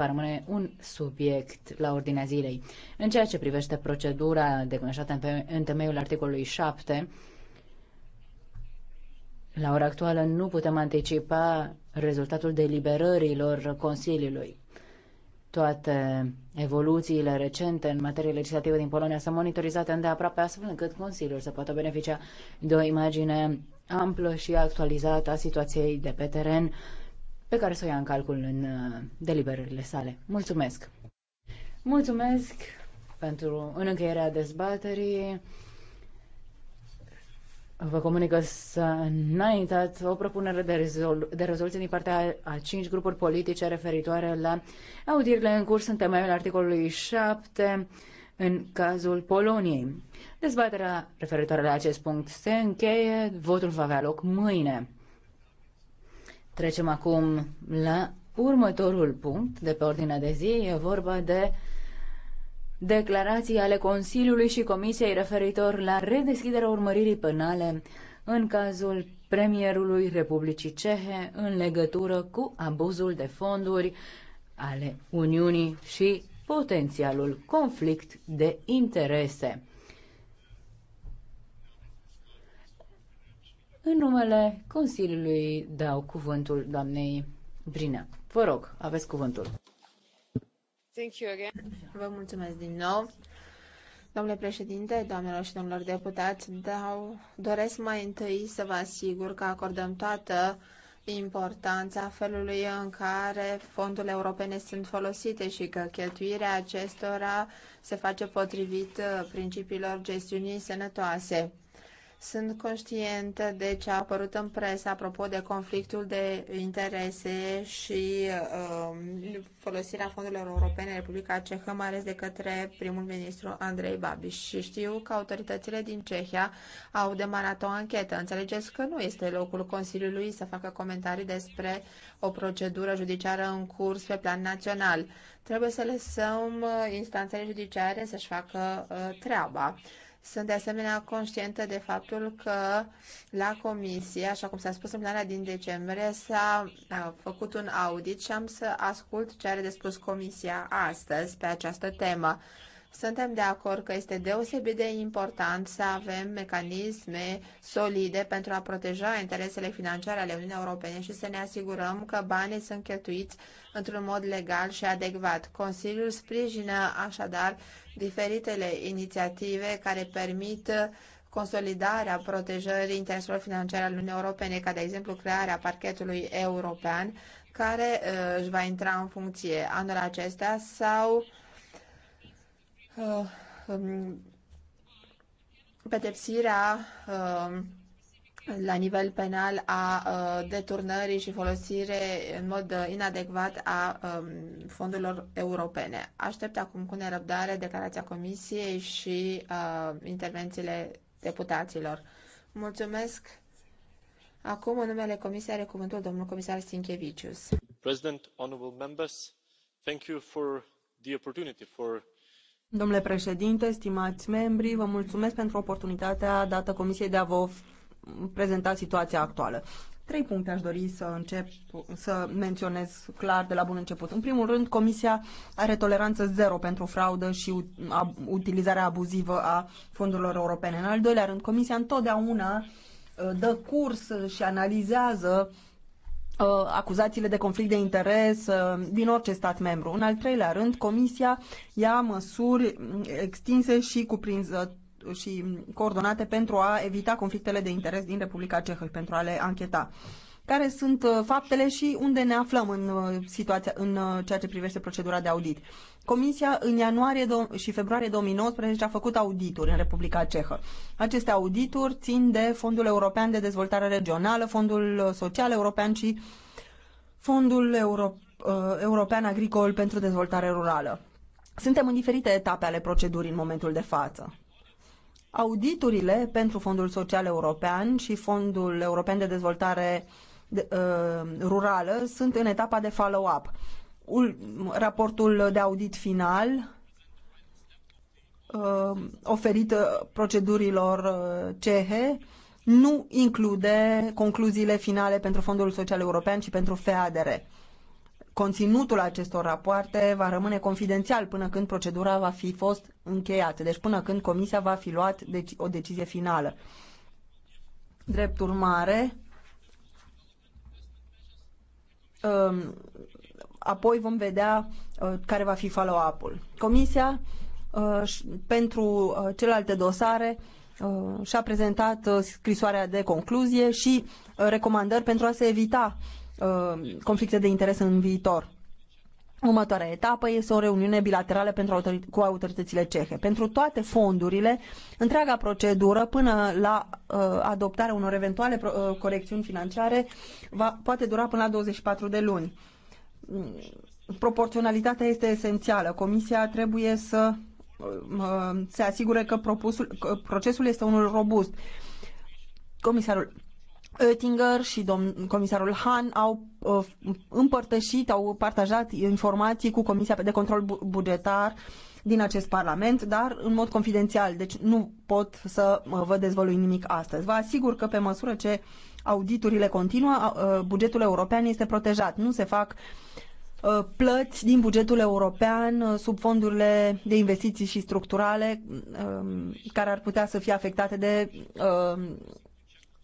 va rămâne un subiect la ordinea zilei. În ceea ce privește procedura declanșată în temeiul articolului 7, la ora actuală nu putem anticipa rezultatul deliberărilor Consiliului. Toate evoluțiile recente în materie legislativă din Polonia sunt monitorizate îndeaproape astfel încât Consiliul să poată beneficia de o imagine amplă și actualizată a situației de pe teren pe care să o ia în calcul în uh, deliberările sale. Mulțumesc! Mulțumesc pentru în încheierea dezbaterii. Vă comunică să înaintat o propunere de, rezol- de rezoluție din partea a cinci grupuri politice referitoare la audierile în curs în temeiul articolului 7 în cazul Poloniei. Dezbaterea referitoare la acest punct se încheie, votul va avea loc mâine. Trecem acum la următorul punct de pe ordinea de zi. E vorba de declarații ale Consiliului și Comisiei referitor la redeschiderea urmăririi penale în cazul premierului Republicii Cehe în legătură cu abuzul de fonduri ale Uniunii și potențialul conflict de interese. În numele Consiliului dau cuvântul doamnei Brinea. Vă rog, aveți cuvântul. Thank you again. Vă mulțumesc din nou. Domnule președinte, doamnelor și domnilor deputați, dau, doresc mai întâi să vă asigur că acordăm toată importanța felului în care fondurile europene sunt folosite și că cheltuirea acestora se face potrivit uh, principiilor gestiunii sănătoase. Sunt conștientă de ce a apărut în presă apropo de conflictul de interese și uh, folosirea fondurilor europene în Republica Cehă, mai ales de către primul ministru Andrei Babiș. Și știu că autoritățile din Cehia au demarat o anchetă. Înțelegeți că nu este locul Consiliului să facă comentarii despre o procedură judiciară în curs pe plan național. Trebuie să lăsăm uh, instanțele judiciare să-și facă uh, treaba. Sunt de asemenea conștientă de faptul că la comisie, așa cum s-a spus în plana din decembrie, s-a făcut un audit și am să ascult ce are de spus comisia astăzi pe această temă. Suntem de acord că este deosebit de important să avem mecanisme solide pentru a proteja interesele financiare ale Uniunii Europene și să ne asigurăm că banii sunt cheltuiți într-un mod legal și adecvat. Consiliul sprijină așadar diferitele inițiative care permit consolidarea protejării intereselor financiare ale Uniunii Europene, ca de exemplu crearea parchetului european, care uh, își va intra în funcție anul acesta sau Uh, um, pedepsirea um, la nivel penal a uh, deturnării și folosire în mod uh, inadecvat a um, fondurilor europene. Aștept acum cu nerăbdare declarația Comisiei și intervențiile deputaților. Mulțumesc. Acum, în numele Comisiei, are cuvântul domnul comisar Sinchevicius. President, honorable members, thank you for the opportunity for Domnule președinte, stimați membri, vă mulțumesc pentru oportunitatea dată Comisiei de a vă prezenta situația actuală. Trei puncte aș dori să încep să menționez clar de la bun început. În primul rând, Comisia are toleranță zero pentru fraudă și utilizarea abuzivă a fondurilor europene. În al doilea rând, Comisia întotdeauna uh, dă curs și analizează uh, Uh, acuzațiile de conflict de interes uh, din orice stat membru. În al treilea rând, Comisia ia măsuri extinse și cuprinzătoare și coordonate pentru a evita conflictele de interes din Republica Cehă și pentru a le ancheta care sunt uh, faptele și unde ne aflăm în, uh, situația, în uh, ceea ce privește procedura de audit. Comisia în ianuarie și februarie 2019 a făcut audituri în Republica Cehă. Aceste audituri țin de Fondul European de Dezvoltare Regională, Fondul Social European și Fondul Euro, European Agricol pentru Dezvoltare Rurală. Suntem în diferite etape ale procedurii în momentul de față. Auditurile pentru Fondul Social European și Fondul European de Dezvoltare Uh, rurală sunt în etapa de follow-up. Raportul de audit final uh, oferit uh, procedurilor cehe nu include concluziile finale pentru Fondul Social European și pentru FEADR. Conținutul acestor rapoarte va rămâne confidențial până când procedura va fi fost încheiată, deci până când Comisia va fi luat deci, o decizie finală. Drept urmare, Um, apoi vom vedea uh, care va fi follow-up-ul. Comisia uh, pentru uh, celelalte dosare și-a prezentat scrisoarea de concluzie și recomandări pentru a se evita conflicte de interes în viitor. Următoarea etapă este o reuniune bilaterală pentru autori- cu autoritățile cehe. Pentru toate fondurile, întreaga procedură până la uh, adoptarea unor eventuale pro- uh, corecțiuni financiare va, poate dura până la 24 de luni. Mm, proporționalitatea este esențială. Comisia trebuie să uh, se asigure că, propusul, că procesul este unul robust. Comisarul Oettinger și domn, comisarul Han au uh, împărtășit, au partajat informații cu Comisia de Control Bugetar din acest Parlament, dar în mod confidențial, deci nu pot să uh, vă dezvălui nimic astăzi. Vă asigur că pe măsură ce auditurile continuă, uh, bugetul european este protejat. Nu se fac uh, plăți din bugetul european sub fondurile de investiții și structurale um, care ar putea să fie afectate de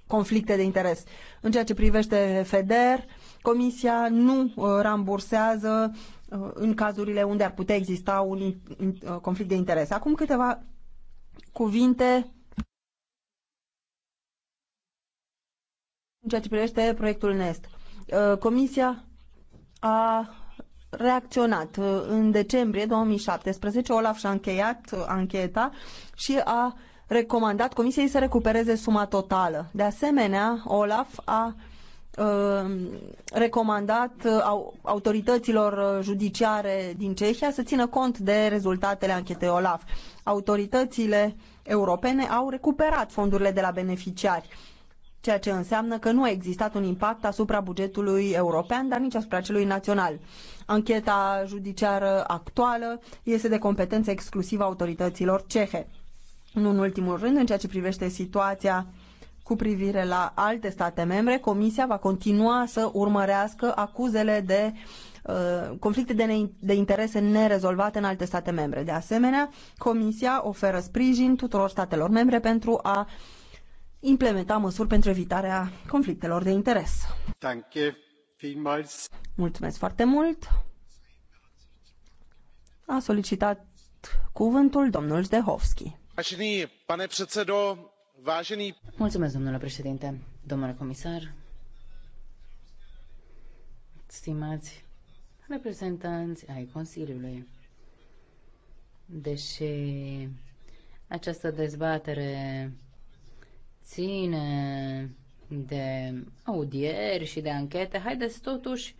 conflicte de interes. În ceea ce privește FEDER, Comisia nu uh, rambursează uh, în cazurile unde ar putea exista un uh, conflict de interes. Acum câteva cuvinte în ceea ce privește proiectul NEST. Comisia a reacționat. În decembrie 2017, Olaf și-a încheiat ancheta și a recomandat Comisiei să recupereze suma totală. De asemenea, Olaf a uh, recomandat uh, autorităților uh, judiciare din Cehia să țină cont de rezultatele anchetei OLAF. Autoritățile europene au recuperat fondurile de la beneficiari, ceea ce înseamnă că nu a existat un impact asupra bugetului european, dar nici asupra celui național. Ancheta judiciară actuală este de competență exclusivă a autorităților cehe. Nu în ultimul rând, în ceea ce privește situația cu privire la alte state membre, Comisia va continua să urmărească acuzele de uh, conflicte de, ne- de interese nerezolvate în alte state membre. De asemenea, Comisia oferă sprijin tuturor statelor membre pentru a implementa măsuri pentru evitarea conflictelor de interes. Mulțumesc foarte mult. A solicitat cuvântul domnul Zdehovski. Mulțumesc, domnule președinte, domnule comisar, stimați reprezentanți ai Consiliului. Deși această dezbatere ține de audieri și de anchete, haideți totuși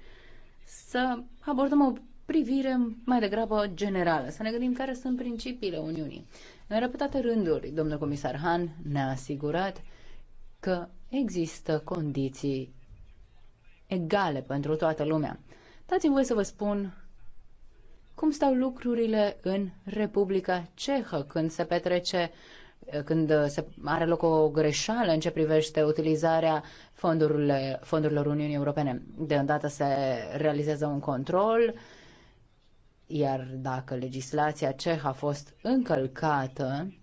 să abordăm o privire mai degrabă generală, să ne gândim care sunt principiile Uniunii. În repetate rânduri, domnul comisar Han ne-a asigurat că există condiții egale pentru toată lumea. Dați-mi voi să vă spun cum stau lucrurile în Republica Cehă când se petrece când se are loc o greșeală în ce privește utilizarea fondurilor, fondurilor Uniunii Europene. De îndată se realizează un control, iar dacă legislația ceh a fost încălcată,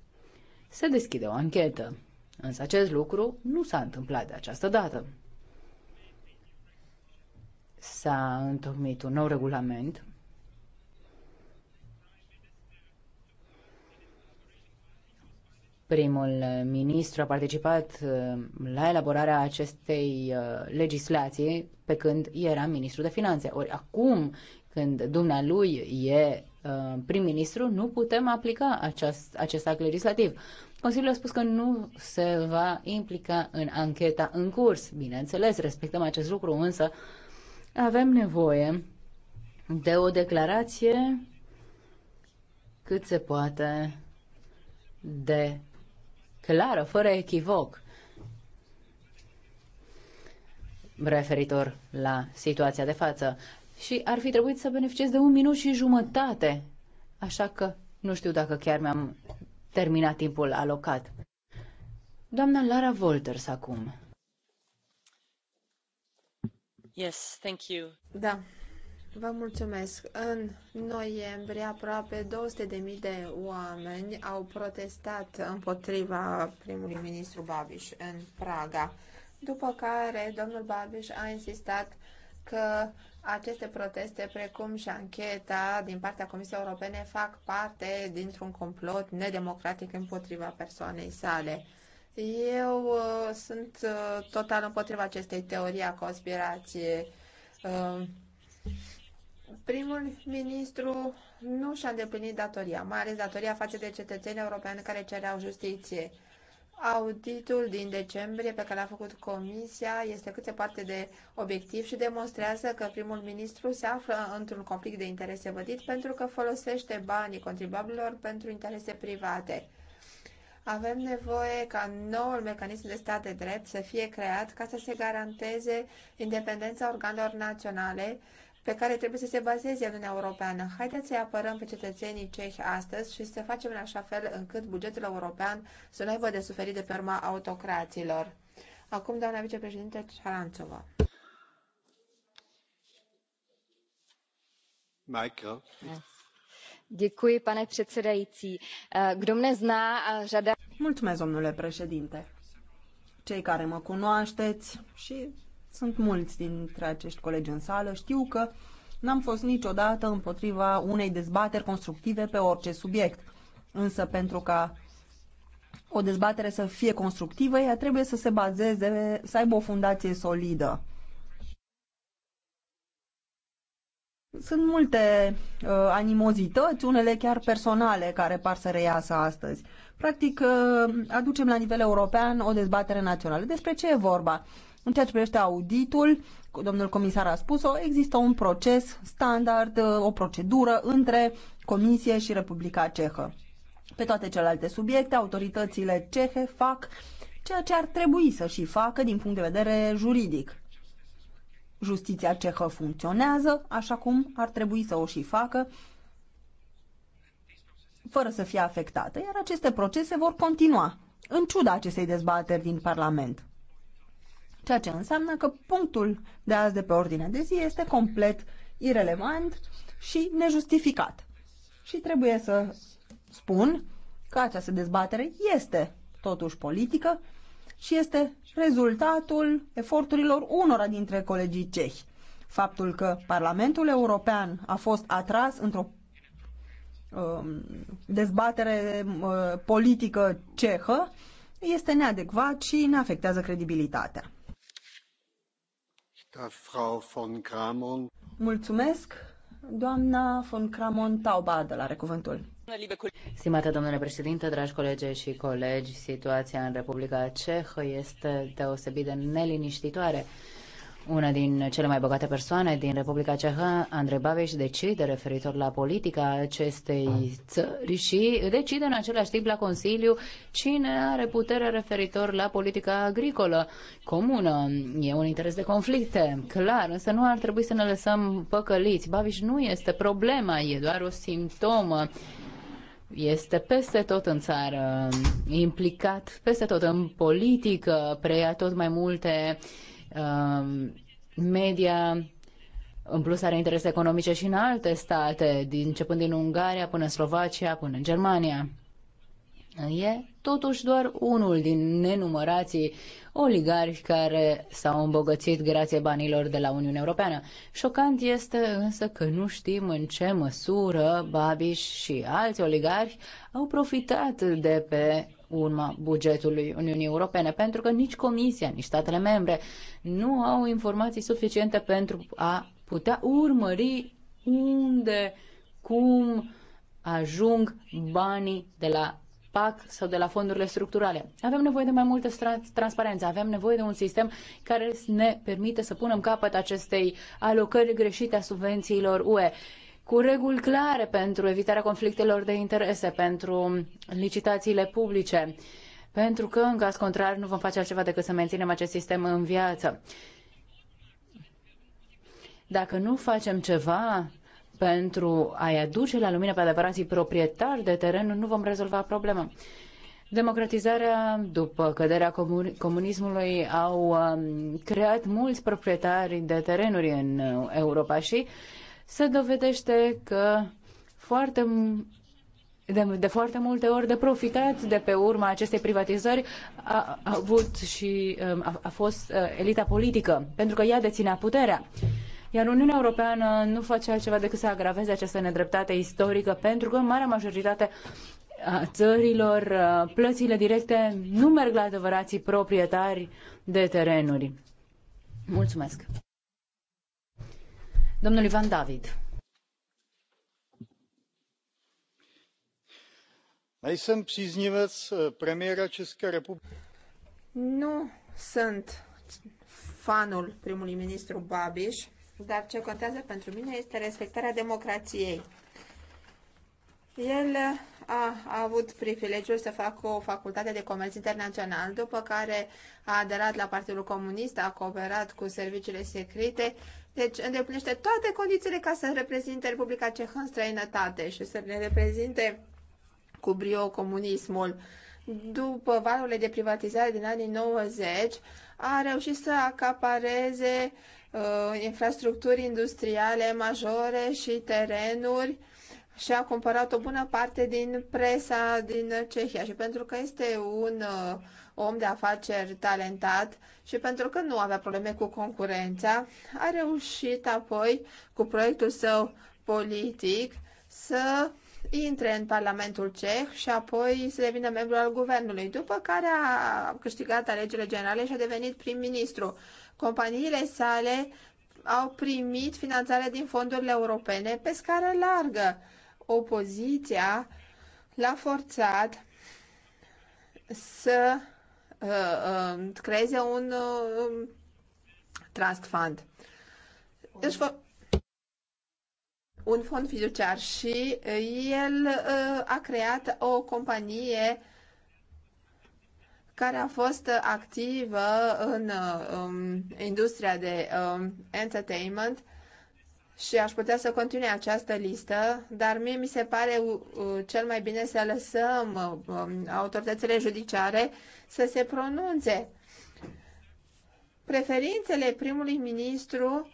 se deschide o anchetă. Însă acest lucru nu s-a întâmplat de această dată. S-a întocmit un nou regulament primul ministru a participat uh, la elaborarea acestei uh, legislații pe când era ministru de finanțe. Ori acum când dumnealui e uh, prim-ministru, nu putem aplica aceast, acest act legislativ. Consiliul a spus că nu se va implica în ancheta în curs. Bineînțeles, respectăm acest lucru, însă avem nevoie de o declarație cât se poate de clară, fără echivoc, referitor la situația de față și ar fi trebuit să beneficiez de un minut și jumătate. Așa că nu știu dacă chiar mi-am terminat timpul alocat. Doamna Lara Wolters acum. Yes, thank you. Da, Vă mulțumesc. În noiembrie, aproape 200.000 de oameni au protestat împotriva primului ministru Babiș în Praga, după care domnul Babiș a insistat că aceste proteste, precum și ancheta din partea Comisiei Europene, fac parte dintr-un complot nedemocratic împotriva persoanei sale. Eu uh, sunt uh, total împotriva acestei teorii a conspirației. Uh, primul ministru nu și-a îndeplinit datoria, mai ales datoria față de cetățenii europeni care cereau justiție. Auditul din decembrie pe care l-a făcut Comisia este cât se poate de obiectiv și demonstrează că primul ministru se află într-un conflict de interese vădit pentru că folosește banii contribuabililor pentru interese private. Avem nevoie ca noul mecanism de stat de drept să fie creat ca să se garanteze independența organelor naționale pe care trebuie să se bazeze Uniunea Europeană. Haideți să-i apărăm pe cetățenii cehi astăzi și să facem în așa fel încât bugetul european să nu aibă de suferit de pe urma autocraților. Acum, doamna vicepreședinte Șaranțova. Michael. Děkuji, pane předsedající. Kdo mne zná, řada... Mulțumesc, domnule președinte. Cei care mă cunoașteți și sunt mulți dintre acești colegi în sală. Știu că n-am fost niciodată împotriva unei dezbateri constructive pe orice subiect. Însă pentru ca o dezbatere să fie constructivă, ea trebuie să se bazeze, să aibă o fundație solidă. Sunt multe uh, animozități, unele chiar personale, care par să reiasă astăzi. Practic, uh, aducem la nivel european o dezbatere națională. Despre ce e vorba? În ceea ce privește auditul, domnul comisar a spus-o, există un proces standard, o procedură între Comisie și Republica Cehă. Pe toate celelalte subiecte, autoritățile cehe fac ceea ce ar trebui să și facă din punct de vedere juridic. Justiția cehă funcționează așa cum ar trebui să o și facă, fără să fie afectată, iar aceste procese vor continua, în ciuda acestei dezbateri din Parlament. Ceea ce înseamnă că punctul de azi de pe ordinea de zi este complet irelevant și nejustificat. Și trebuie să spun că această dezbatere este totuși politică și este rezultatul eforturilor unora dintre colegii cehi. Faptul că Parlamentul European a fost atras într-o uh, dezbatere uh, politică cehă este neadecvat și ne afectează credibilitatea. Mulțumesc. Doamna von Cramon Taubadă la cuvântul. Stimate domnule președinte, dragi colegi și colegi, situația în Republica Cehă este deosebit de neliniștitoare. Una din cele mai bogate persoane din Republica Cehă, Andrei Babeș, decide referitor la politica acestei țări și decide în același timp la Consiliu cine are putere referitor la politica agricolă comună. E un interes de conflicte, clar, însă nu ar trebui să ne lăsăm păcăliți. Babeș nu este problema, e doar o simptomă este peste tot în țară, implicat peste tot în politică, preia tot mai multe uh, Um, media în plus are interese economice și în alte state, din, începând din Ungaria până în Slovacia, până în Germania. E totuși doar unul din nenumărații oligarhi care s-au îmbogățit grație banilor de la Uniunea Europeană. Șocant este însă că nu știm în ce măsură Babiș și alți oligarhi au profitat de pe urma bugetului Uniunii Europene, pentru că nici Comisia, nici statele membre nu au informații suficiente pentru a putea urmări unde, cum ajung banii de la PAC sau de la fondurile structurale. Avem nevoie de mai multă transparență, avem nevoie de un sistem care ne permite să punem capăt acestei alocări greșite a subvențiilor UE cu reguli clare pentru evitarea conflictelor de interese, pentru licitațiile publice, pentru că, în caz contrar, nu vom face altceva decât să menținem acest sistem în viață. Dacă nu facem ceva, pentru a-i aduce la lumină pe adevărații proprietari de teren, nu vom rezolva problema. Democratizarea după căderea comun- comunismului au um, creat mulți proprietari de terenuri în Europa și se dovedește că foarte de, de foarte multe ori de profitat de pe urma acestei privatizări a, a avut și um, a, a fost uh, elita politică, pentru că ea deținea puterea. Iar Uniunea Europeană nu face altceva decât să agraveze această nedreptate istorică, pentru că în marea majoritate a țărilor plățile directe nu merg la adevărații proprietari de terenuri. Mulțumesc. Domnul Ivan David. Mai sunt příznivec eh, premiera České republiky. Nu sunt fanul primului ministru Babiš, dar ce contează pentru mine este respectarea democrației. El uh, a, a avut privilegiul să facă o facultate de comerț internațional, după care a aderat la Partidul Comunist, a cooperat cu serviciile secrete, deci îndeplinește toate condițiile ca să reprezinte Republica Cehă în străinătate și să ne reprezinte cu brio comunismul. După valurile de privatizare din anii 90, a reușit să acapareze uh, infrastructuri industriale majore și terenuri și a cumpărat o bună parte din presa din Cehia. Și pentru că este un uh, om de afaceri talentat și pentru că nu avea probleme cu concurența, a reușit apoi cu proiectul său politic să intre în Parlamentul Ceh și apoi să devină membru al guvernului, după care a câștigat alegerile generale și a devenit prim-ministru. Companiile sale au primit finanțare din fondurile europene pe scară largă. Opoziția l-a forțat să uh, uh, creeze un uh, trust fund. Deci, un fond fiduciar și el a creat o companie care a fost activă în um, industria de um, entertainment și aș putea să continue această listă, dar mie mi se pare cel mai bine să lăsăm um, autoritățile judiciare să se pronunțe. Preferințele primului ministru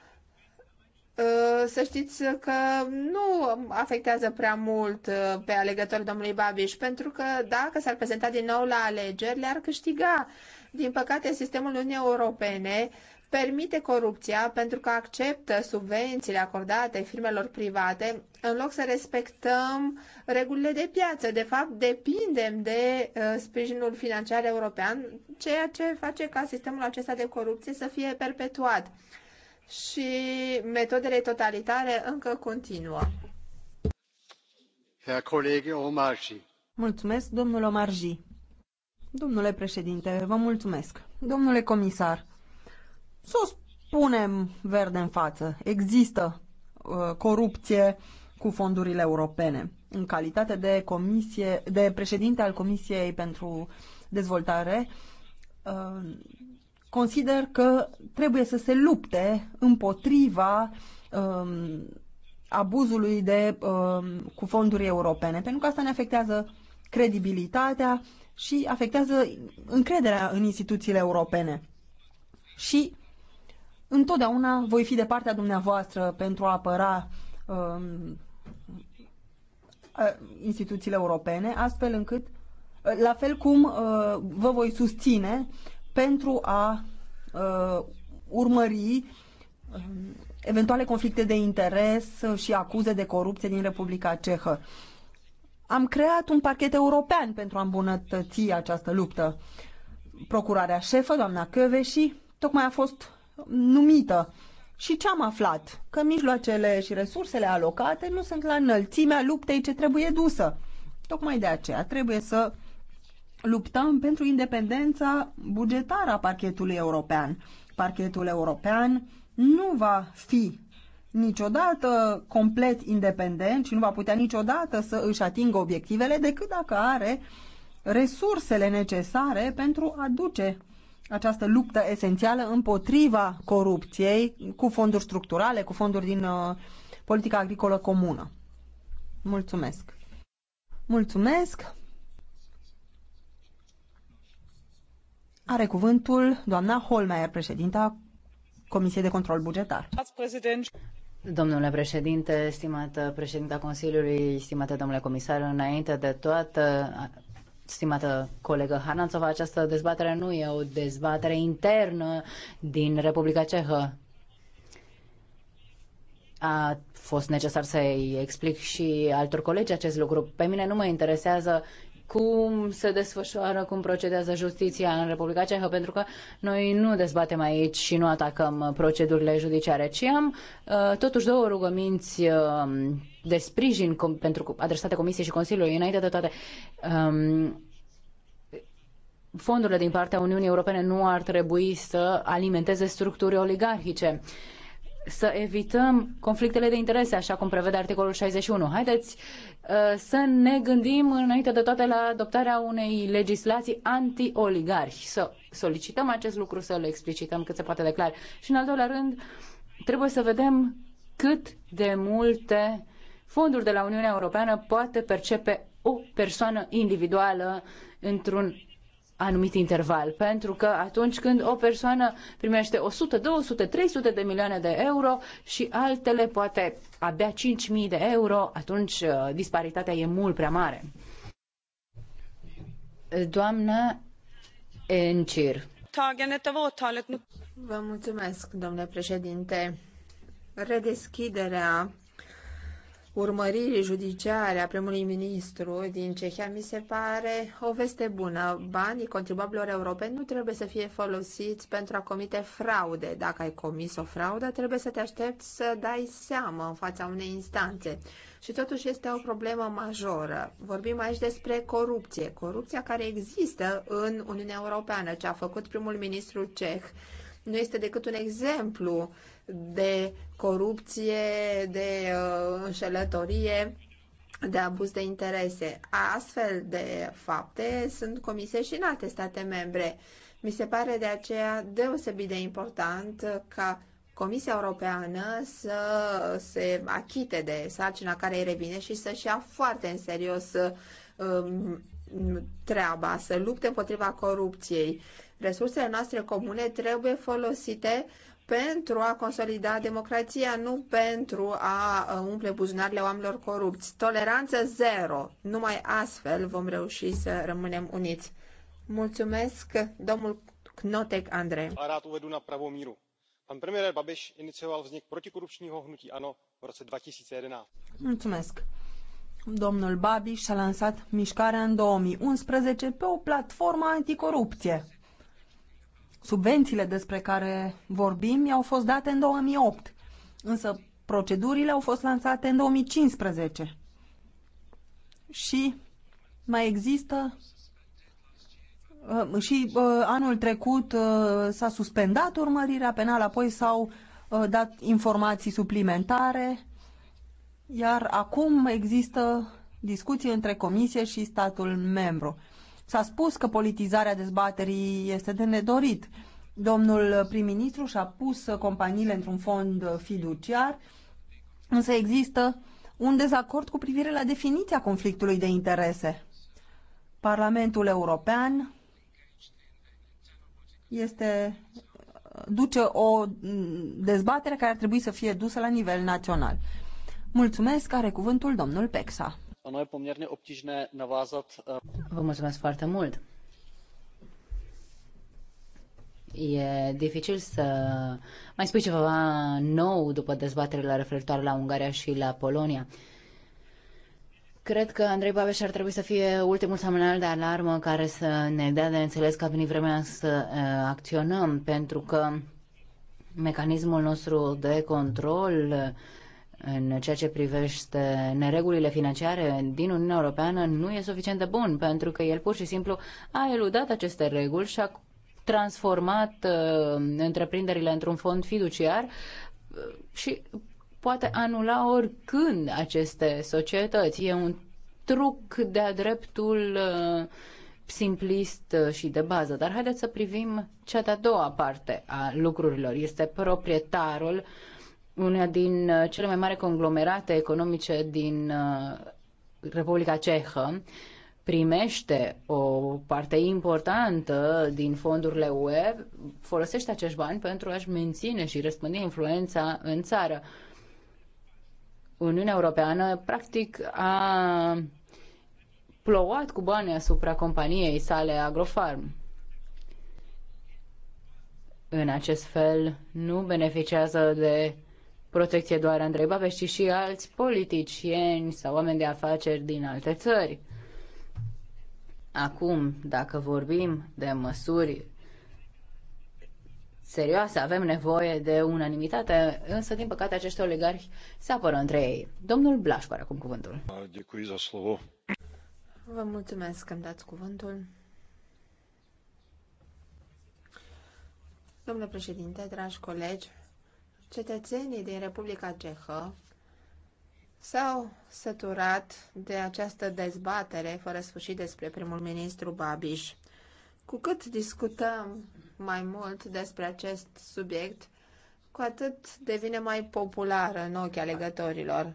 Uh, să știți că nu afectează prea mult uh, pe alegătorii domnului Babiș, pentru că dacă s-ar prezenta din nou la alegeri, le-ar câștiga. Din păcate, sistemul Uniunii Europene permite corupția pentru că acceptă subvențiile acordate firmelor private în loc să respectăm regulile de piață. De fapt, depindem de uh, sprijinul financiar european, ceea ce face ca sistemul acesta de corupție să fie perpetuat și metodele totalitare încă continuă. Omarji. Mulțumesc, domnul Omarji. Domnule președinte, vă mulțumesc. Domnule comisar, să o spunem verde în față. Există uh, corupție cu fondurile europene. În calitate de, comisie, de președinte al Comisiei pentru Dezvoltare, uh, consider că trebuie să se lupte împotriva um, abuzului de, um, cu fonduri europene, pentru că asta ne afectează credibilitatea și afectează încrederea în instituțiile europene. Și întotdeauna voi fi de partea dumneavoastră pentru a apăra um, instituțiile europene, astfel încât, la fel cum uh, vă voi susține pentru a uh, urmări uh, eventuale conflicte de interes și acuze de corupție din Republica Cehă. Am creat un parchet european pentru a îmbunătăți această luptă. Procurarea șefă, doamna Căveși, tocmai a fost numită. Și ce am aflat? Că mijloacele și resursele alocate nu sunt la înălțimea luptei ce trebuie dusă. Tocmai de aceea trebuie să luptăm pentru independența bugetară a parchetului european. Parchetul european nu va fi niciodată complet independent și nu va putea niciodată să își atingă obiectivele decât dacă are resursele necesare pentru a duce această luptă esențială împotriva corupției cu fonduri structurale, cu fonduri din uh, politica agricolă comună. Mulțumesc! Mulțumesc! Are cuvântul doamna Holmeier, președinta Comisiei de Control Bugetar. Domnule președinte, stimată președinta Consiliului, stimate domnule comisar, înainte de toată, stimată colegă Hananțova, această dezbatere nu e o dezbatere internă din Republica Cehă. A fost necesar să-i explic și altor colegi acest lucru. Pe mine nu mă interesează cum se desfășoară, cum procedează justiția în Republica Cehă, pentru că noi nu dezbatem aici și nu atacăm procedurile judiciare, ci am uh, totuși două rugăminți uh, de sprijin pentru adresate Comisiei și Consiliului, înainte de toate. Um, fondurile din partea Uniunii Europene nu ar trebui să alimenteze structuri oligarhice. Uh, să evităm conflictele de interese, așa cum prevede articolul 61. Haideți uh, să ne gândim înainte de toate la adoptarea unei legislații anti-oligarhi, să solicităm acest lucru, să le explicităm cât se poate de clar. Și în al doilea rând, trebuie să vedem cât de multe fonduri de la Uniunea Europeană poate percepe o persoană individuală într-un anumit interval, pentru că atunci când o persoană primește 100, 200, 300 de milioane de euro și altele poate abia 5.000 de euro, atunci uh, disparitatea e mult prea mare. Doamna Encir. Vă mulțumesc, domnule președinte. Redeschiderea urmăririi judiciare a primului ministru din Cehia mi se pare o veste bună. Banii contribuabilor europeni nu trebuie să fie folosiți pentru a comite fraude. Dacă ai comis o fraudă, trebuie să te aștepți să dai seamă în fața unei instanțe. Și totuși este o problemă majoră. Vorbim aici despre corupție. Corupția care există în Uniunea Europeană, ce a făcut primul ministru ceh, nu este decât un exemplu de corupție, de uh, înșelătorie, de abuz de interese. Astfel de fapte sunt comise și în alte state membre. Mi se pare de aceea deosebit de important ca Comisia Europeană să se achite de sarcina care îi revine și să-și ia foarte în serios um, treaba, să lupte împotriva corupției. Resursele noastre comune trebuie folosite uh, pentru a consolida democrația, nu pentru a uh, umple buzunarele oamenilor corupți. Toleranță zero. Numai astfel vom reuși să rămânem uniți. Mulțumesc, domnul Knotek Andrei. Arată rád uvedu na pravou míru. Pan premiér Babiš inicioval vznik protikorupčního hnutí ANO v roce 2011. Mulțumesc. Domnul Babiš a lansat mișcarea în 2011 pe o platformă anticorupție Subvențiile despre care vorbim au fost date în 2008, însă procedurile au fost lansate în 2015. Și mai există uh, și uh, anul trecut uh, s-a suspendat urmărirea penală, apoi s-au dat informații suplimentare, iar acum există discuții între Comisie și statul membru. S-a spus că politizarea dezbaterii este de nedorit. Domnul prim-ministru și-a pus companiile într-un fond fiduciar, însă există un dezacord cu privire la definiția conflictului de interese. Parlamentul European este duce o dezbatere care ar trebui să fie dusă la nivel național. Mulțumesc, are cuvântul domnul Pexa. Eh, Vă mulțumesc foarte mult. E dificil să mai spui ceva nou după dezbaterile referitoare la Ungaria și la Polonia. Cred că Andrei Babeș ar trebui să fie ultimul semnal de alarmă care să ne dea de înțeles că a venit vremea să eh, acționăm, pentru că mecanismul nostru de control uh, în ceea ce privește neregulile financiare din Uniunea Europeană nu e suficient de bun, pentru că el pur și simplu a eludat aceste reguli și a transformat uh, întreprinderile într-un fond fiduciar uh, și poate anula oricând aceste societăți. E un truc de-a dreptul uh, simplist și de bază. Dar haideți să privim cea de-a doua parte a lucrurilor. Este proprietarul uh, una din uh, cele mai mari conglomerate economice din uh, Republica Cehă primește o parte importantă din fondurile UE, folosește acești bani pentru a-și menține și răspândi influența în țară. Uniunea Europeană, practic, a plouat cu bani asupra companiei sale Agrofarm. În acest fel, nu beneficiază de protecție doar Andrei Babes, ci și alți politicieni sau oameni de afaceri din alte țări. Acum, dacă vorbim de măsuri serioase, avem nevoie de unanimitate, însă, din păcate, acești oligarhi se apără între ei. Domnul Blaș, are acum cuvântul. Vă mulțumesc că îmi dați cuvântul. Domnule președinte, dragi colegi, cetățenii din Republica Cehă s-au săturat de această dezbatere fără sfârșit despre primul ministru Babiș. Cu cât discutăm mai mult despre acest subiect, cu atât devine mai popular în ochii alegătorilor.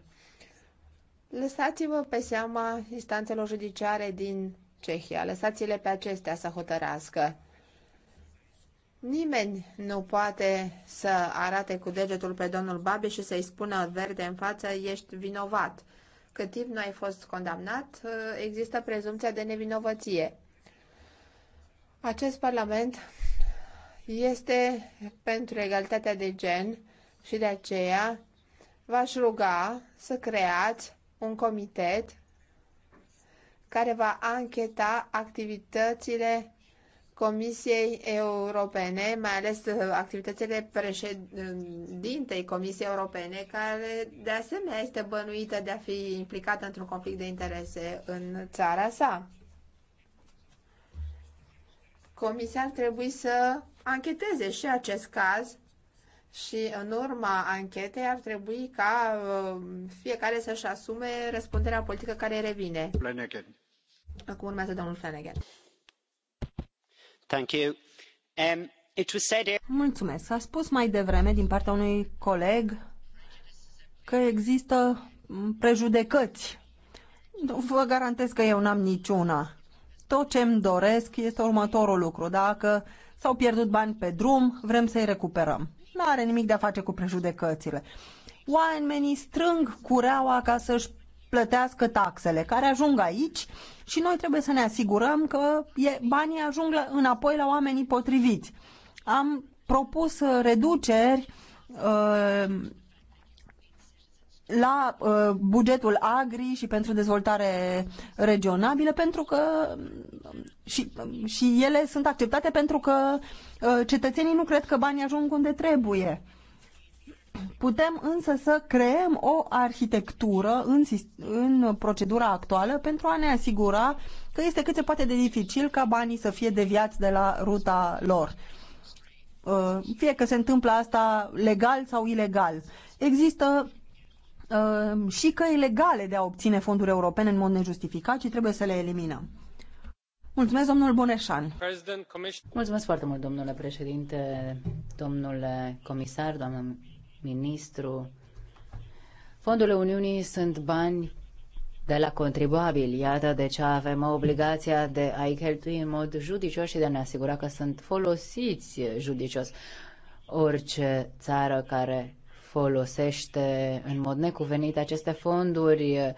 Lăsați-vă pe seama instanțelor judiciare din Cehia, lăsați-le pe acestea să hotărască. Nimeni nu poate să arate cu degetul pe domnul Babi și să-i spună verde în față, ești vinovat. Cât timp nu ai fost condamnat, există prezumția de nevinovăție. Acest parlament este pentru egalitatea de gen și de aceea v-aș ruga să creați un comitet care va ancheta activitățile Comisiei Europene, mai ales uh, activitățile președintei Comisiei Europene, care de asemenea este bănuită de a fi implicată într-un conflict de interese în țara sa. Comisia ar trebui să ancheteze și acest caz și în urma anchetei ar trebui ca uh, fiecare să-și asume răspunderea politică care revine. Flanagan. Acum urmează domnul Flanagan. Um, Mulțumesc. S a spus mai devreme din partea unui coleg că există prejudecăți. Vă garantez că eu n-am niciuna. Tot ce îmi doresc este următorul lucru. Dacă s-au pierdut bani pe drum, vrem să-i recuperăm. Nu are nimic de a face cu prejudecățile. Oamenii strâng cureaua ca să-și plătească taxele care ajung aici și noi trebuie să ne asigurăm că e, banii ajung la, înapoi la oamenii potriviți. Am propus uh, reduceri uh, la uh, bugetul agri și pentru dezvoltare regionabilă pentru că și, și ele sunt acceptate pentru că cetățenii nu cred că banii ajung unde trebuie. Putem însă să creăm o arhitectură în, în procedura actuală pentru a ne asigura că este cât se poate de dificil ca banii să fie deviați de la ruta lor. Uh, fie că se întâmplă asta legal sau ilegal. Există uh, și căi legale de a obține fonduri europene în mod nejustificat și trebuie să le eliminăm. Mulțumesc, domnul Boneșan. Mulțumesc foarte mult, domnule președinte, domnule comisar, doamnă ministru. Fondurile Uniunii sunt bani de la contribuabil. Iată de ce avem obligația de a-i cheltui în mod judicios și de a ne asigura că sunt folosiți judicios. Orice țară care folosește în mod necuvenit aceste fonduri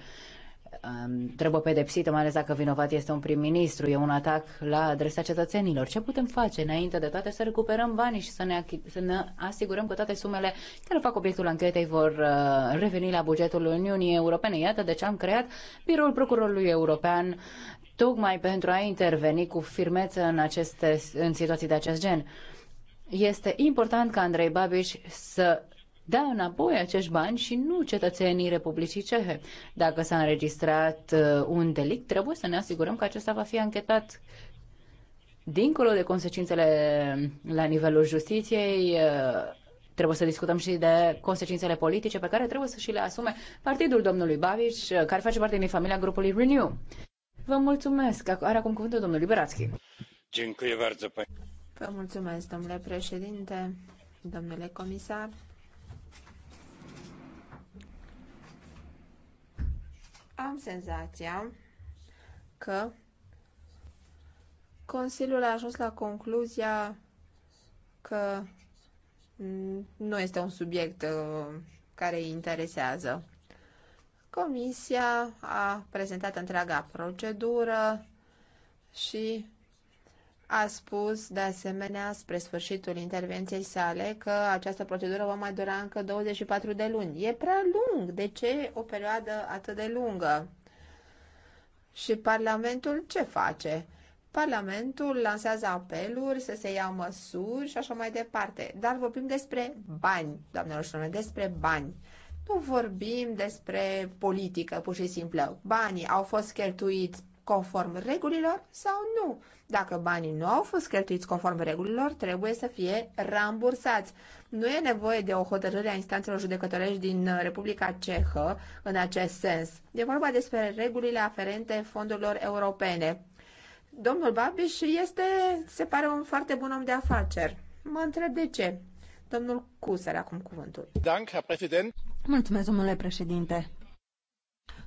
trebuie pedepsită, mai ales dacă vinovat este un prim-ministru. E un atac la adresa cetățenilor. Ce putem face înainte de toate? Să recuperăm banii și să ne, să ne asigurăm că toate sumele care fac obiectul anchetei vor uh, reveni la bugetul Uniunii Europene. Iată de ce am creat Biroul Procurorului European tocmai pentru a interveni cu firmeță în, aceste, în situații de acest gen. Este important ca Andrei Babiș să dea înapoi acești bani și nu cetățenii Republicii Cehe. Dacă s-a înregistrat uh, un delict, trebuie să ne asigurăm că acesta va fi anchetat dincolo de consecințele la nivelul justiției, uh, trebuie să discutăm și de consecințele politice pe care trebuie să și le asume partidul domnului Babiș, uh, care face parte din familia grupului Renew. Vă mulțumesc. Are acum cuvântul domnul Liberațchi. Vă mulțumesc, domnule președinte, domnule comisar. am senzația că Consiliul a ajuns la concluzia că nu este un subiect uh, care îi interesează. Comisia a prezentat întreaga procedură și a spus, de asemenea, spre sfârșitul intervenției sale, că această procedură va mai dura încă 24 de luni. E prea lung. De ce o perioadă atât de lungă? Și Parlamentul ce face? Parlamentul lansează apeluri să se ia măsuri și așa mai departe. Dar vorbim despre bani, doamnelor și domnilor, despre bani. Nu vorbim despre politică, pur și simplu. Banii au fost cheltuiți conform regulilor sau nu. Dacă banii nu au fost cheltuiți conform regulilor, trebuie să fie rambursați. Nu e nevoie de o hotărâre a instanțelor judecătorești din uh, Republica Cehă în acest sens. E vorba despre regulile aferente fondurilor europene. Domnul Babiș este, se pare, un foarte bun om de afaceri. Mă întreb de ce. Domnul Cusar, acum cuvântul. Mulțumesc, domnule președinte.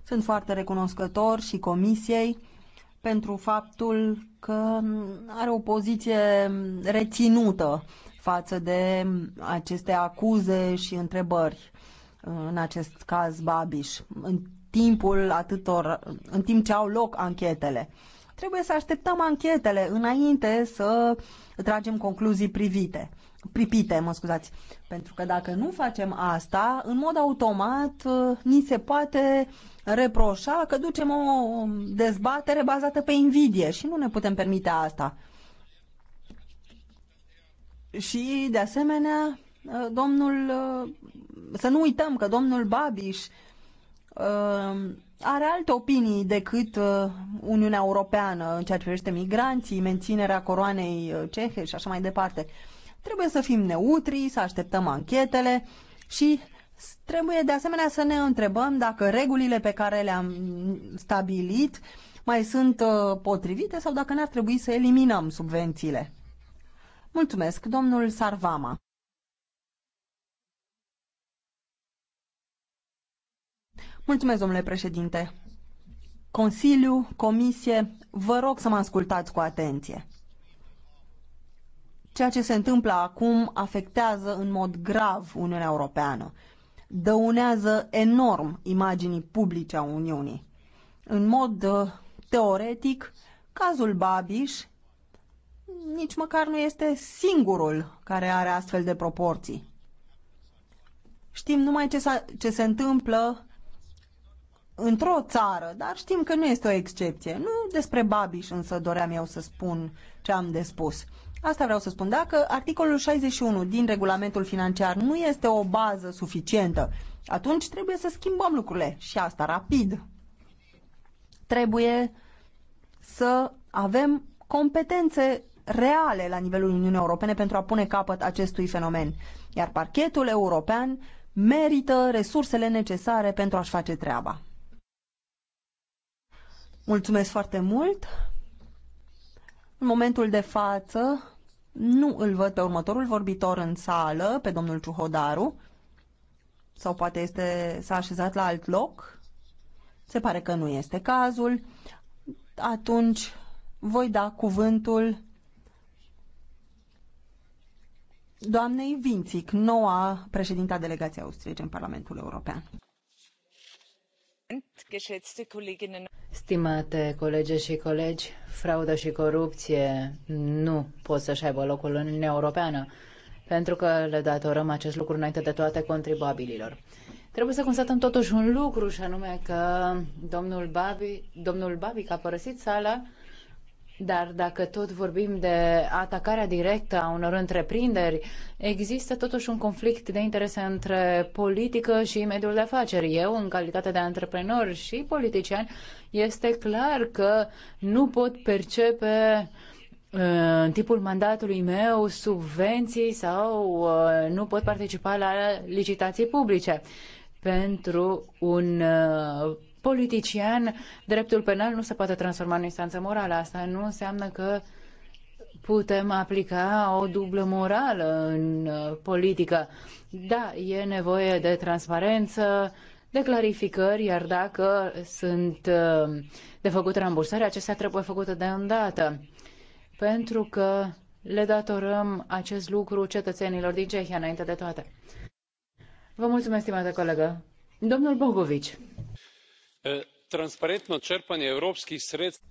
Sunt foarte recunoscător și comisiei pentru faptul că are o poziție reținută față de aceste acuze și întrebări, în acest caz Babiș, în timpul atâtor, în timp ce au loc anchetele. Trebuie să așteptăm anchetele înainte să tragem concluzii privite pripite, mă scuzați. Pentru că dacă nu facem asta, în mod automat uh, ni se poate reproșa că ducem o dezbatere bazată pe invidie și nu ne putem permite asta. Și, de asemenea, uh, domnul, uh, să nu uităm că domnul Babiș are alte opinii decât Uniunea Europeană în ceea ce privește migranții, menținerea coroanei cehe și așa mai departe. Trebuie să fim neutri, să așteptăm anchetele și trebuie de asemenea să ne întrebăm dacă regulile pe care le-am stabilit mai sunt uh, potrivite sau dacă ne ar trebui să eliminăm subvențiile. Mulțumesc, domnul Sarvama. Mulțumesc, domnule președinte. Consiliu, Comisie, vă rog să mă ascultați cu atenție. Ceea ce se întâmplă acum afectează în mod grav Uniunea Europeană. Dăunează enorm imaginii publice a Uniunii. În mod uh, teoretic, cazul Babiș nici măcar nu este singurul care are astfel de proporții. Știm numai ce, ce se întâmplă într-o țară, dar știm că nu este o excepție. Nu despre Babiș însă doream eu să spun ce am de spus. Asta vreau să spun. Dacă articolul 61 din regulamentul financiar nu este o bază suficientă, atunci trebuie să schimbăm lucrurile și asta rapid. Trebuie să avem competențe reale la nivelul Uniunii Europene pentru a pune capăt acestui fenomen. Iar parchetul european merită resursele necesare pentru a-și face treaba. Mulțumesc foarte mult! În momentul de față nu îl văd pe următorul vorbitor în sală, pe domnul Ciuhodaru, sau poate este, s-a așezat la alt loc. Se pare că nu este cazul. Atunci voi da cuvântul doamnei Vințic, noua președinta delegației austriece în Parlamentul European. Stimate colege și colegi, fraudă și corupție nu pot să-și aibă locul în Uniunea Europeană, pentru că le datorăm acest lucru înainte de toate contribuabililor. Trebuie să constatăm totuși un lucru, și anume că domnul Babi, domnul Babic a părăsit sala dar dacă tot vorbim de atacarea directă a unor întreprinderi, există totuși un conflict de interese între politică și mediul de afaceri. Eu, în calitate de antreprenor și politician, este clar că nu pot percepe uh, în timpul mandatului meu subvenții sau uh, nu pot participa la licitații publice pentru un uh, politician, dreptul penal nu se poate transforma în instanță morală. Asta nu înseamnă că putem aplica o dublă morală în uh, politică. Da, e nevoie de transparență, de clarificări, iar dacă sunt uh, de făcut rambursare, acestea trebuie făcute de îndată. Pentru că le datorăm acest lucru cetățenilor din Cehia înainte de toate. Vă mulțumesc, stimată colegă. Domnul Bogovici transparentno črpanje evropskih sredstev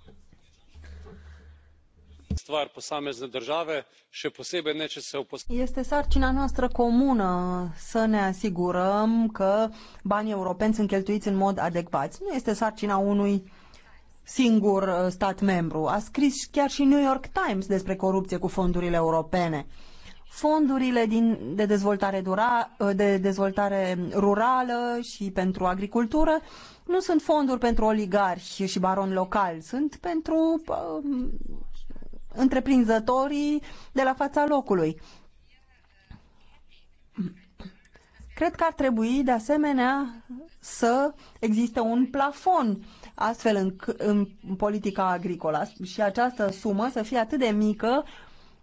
stvar posamezne države še posebej ne če se Este sarcina noastră comună să ne asigurăm că banii europeni sunt cheltuiți în mod adecvat. Nu este sarcina unui singur uh, stat membru. A scris chiar și New York Times despre corupție cu fondurile europene fondurile din, de, dezvoltare dura, de dezvoltare rurală și pentru agricultură nu sunt fonduri pentru oligari și baroni locali, sunt pentru uh, întreprinzătorii de la fața locului. Cred că ar trebui, de asemenea, să existe un plafon, astfel în, în politica agricolă și această sumă să fie atât de mică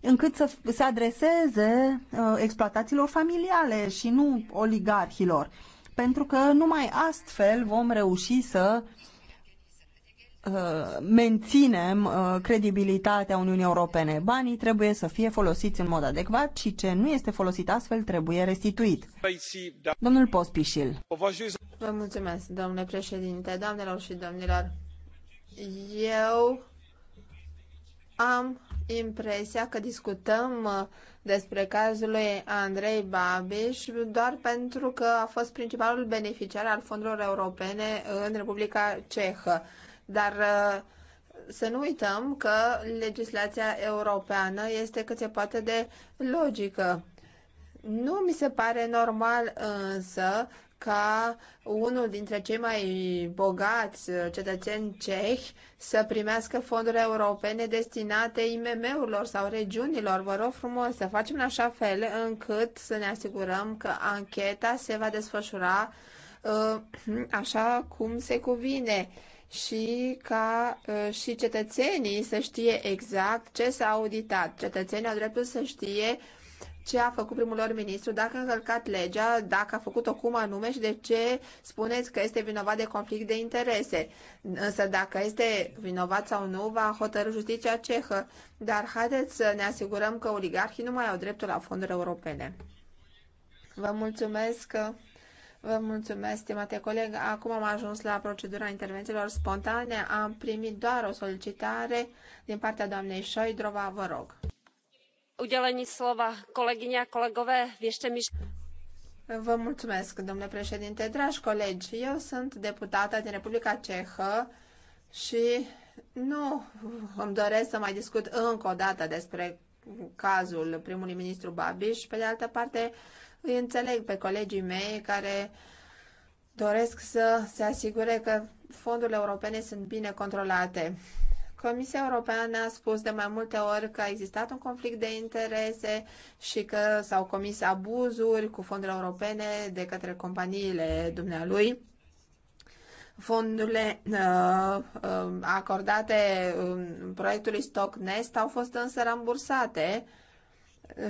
încât să se adreseze uh, exploatațiilor familiale și nu oligarhilor. Pentru că numai astfel vom reuși să uh, menținem uh, credibilitatea Uniunii Europene. Banii trebuie să fie folosiți în mod adecvat și ce nu este folosit astfel trebuie restituit. Domnul Pospișil. Vă mulțumesc, domnule președinte, doamnelor și domnilor. Eu am impresia că discutăm uh, despre cazul lui Andrei Babiș doar pentru că a fost principalul beneficiar al fondurilor europene în Republica Cehă. Dar uh, să nu uităm că legislația europeană este cât se poate de logică. Nu mi se pare normal însă ca unul dintre cei mai bogați uh, cetățeni cehi să primească fonduri europene destinate IMM-urilor sau regiunilor. Vă rog frumos să facem în așa fel încât să ne asigurăm că ancheta se va desfășura uh, așa cum se cuvine și ca uh, și cetățenii să știe exact ce s-a auditat. Cetățenii au dreptul să știe uh, ce a făcut primul lor ministru, dacă a încălcat legea, dacă a făcut-o cum anume și de ce spuneți că este vinovat de conflict de interese. Însă dacă este vinovat sau nu, va hotărâ justiția cehă. Dar haideți să ne asigurăm că oligarhii nu mai au dreptul la fonduri europene. Vă mulțumesc. Vă mulțumesc, stimate coleg. Acum am ajuns la procedura intervențiilor spontane. Am primit doar o solicitare din partea doamnei Șoidrova. Vă rog domnule președinte. Dragi colegi, eu sunt deputată din Republica Cehă și nu îmi doresc să mai discut încă o dată despre cazul primului ministru Babiș. Pe de altă parte, îi înțeleg pe colegii mei care doresc să se asigure că fondurile europene sunt bine controlate. Comisia Europeană a spus de mai multe ori că a existat un conflict de interese și că s-au comis abuzuri cu fondurile europene de către companiile dumnealui fondurile uh, uh, acordate uh, proiectului Stocknest au fost însă rambursate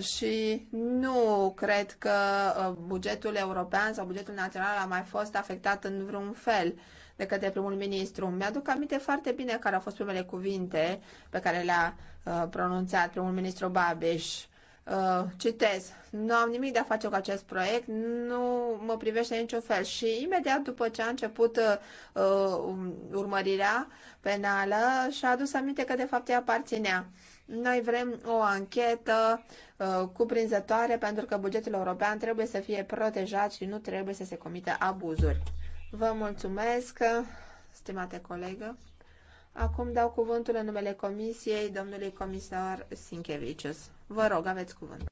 și nu cred că uh, bugetul european sau bugetul național a mai fost afectat în vreun fel. Uh, de către primul ministru. Mi-aduc aminte foarte bine care au fost primele cuvinte pe care le-a uh, pronunțat primul ministru Babeș. Uh, citez, nu am nimic de a face cu acest proiect, nu mă privește niciun fel. Și imediat după ce a început uh, uh, urmărirea penală, și-a adus aminte că de fapt ea aparținea. Noi vrem o anchetă uh, cuprinzătoare pentru că bugetul european trebuie să fie protejat și nu trebuie să se comite abuzuri. Vă mulțumesc, stimate colegă. Acum dau cuvântul în numele Comisiei domnului comisar Sinkevicius. Vă rog, aveți cuvânt.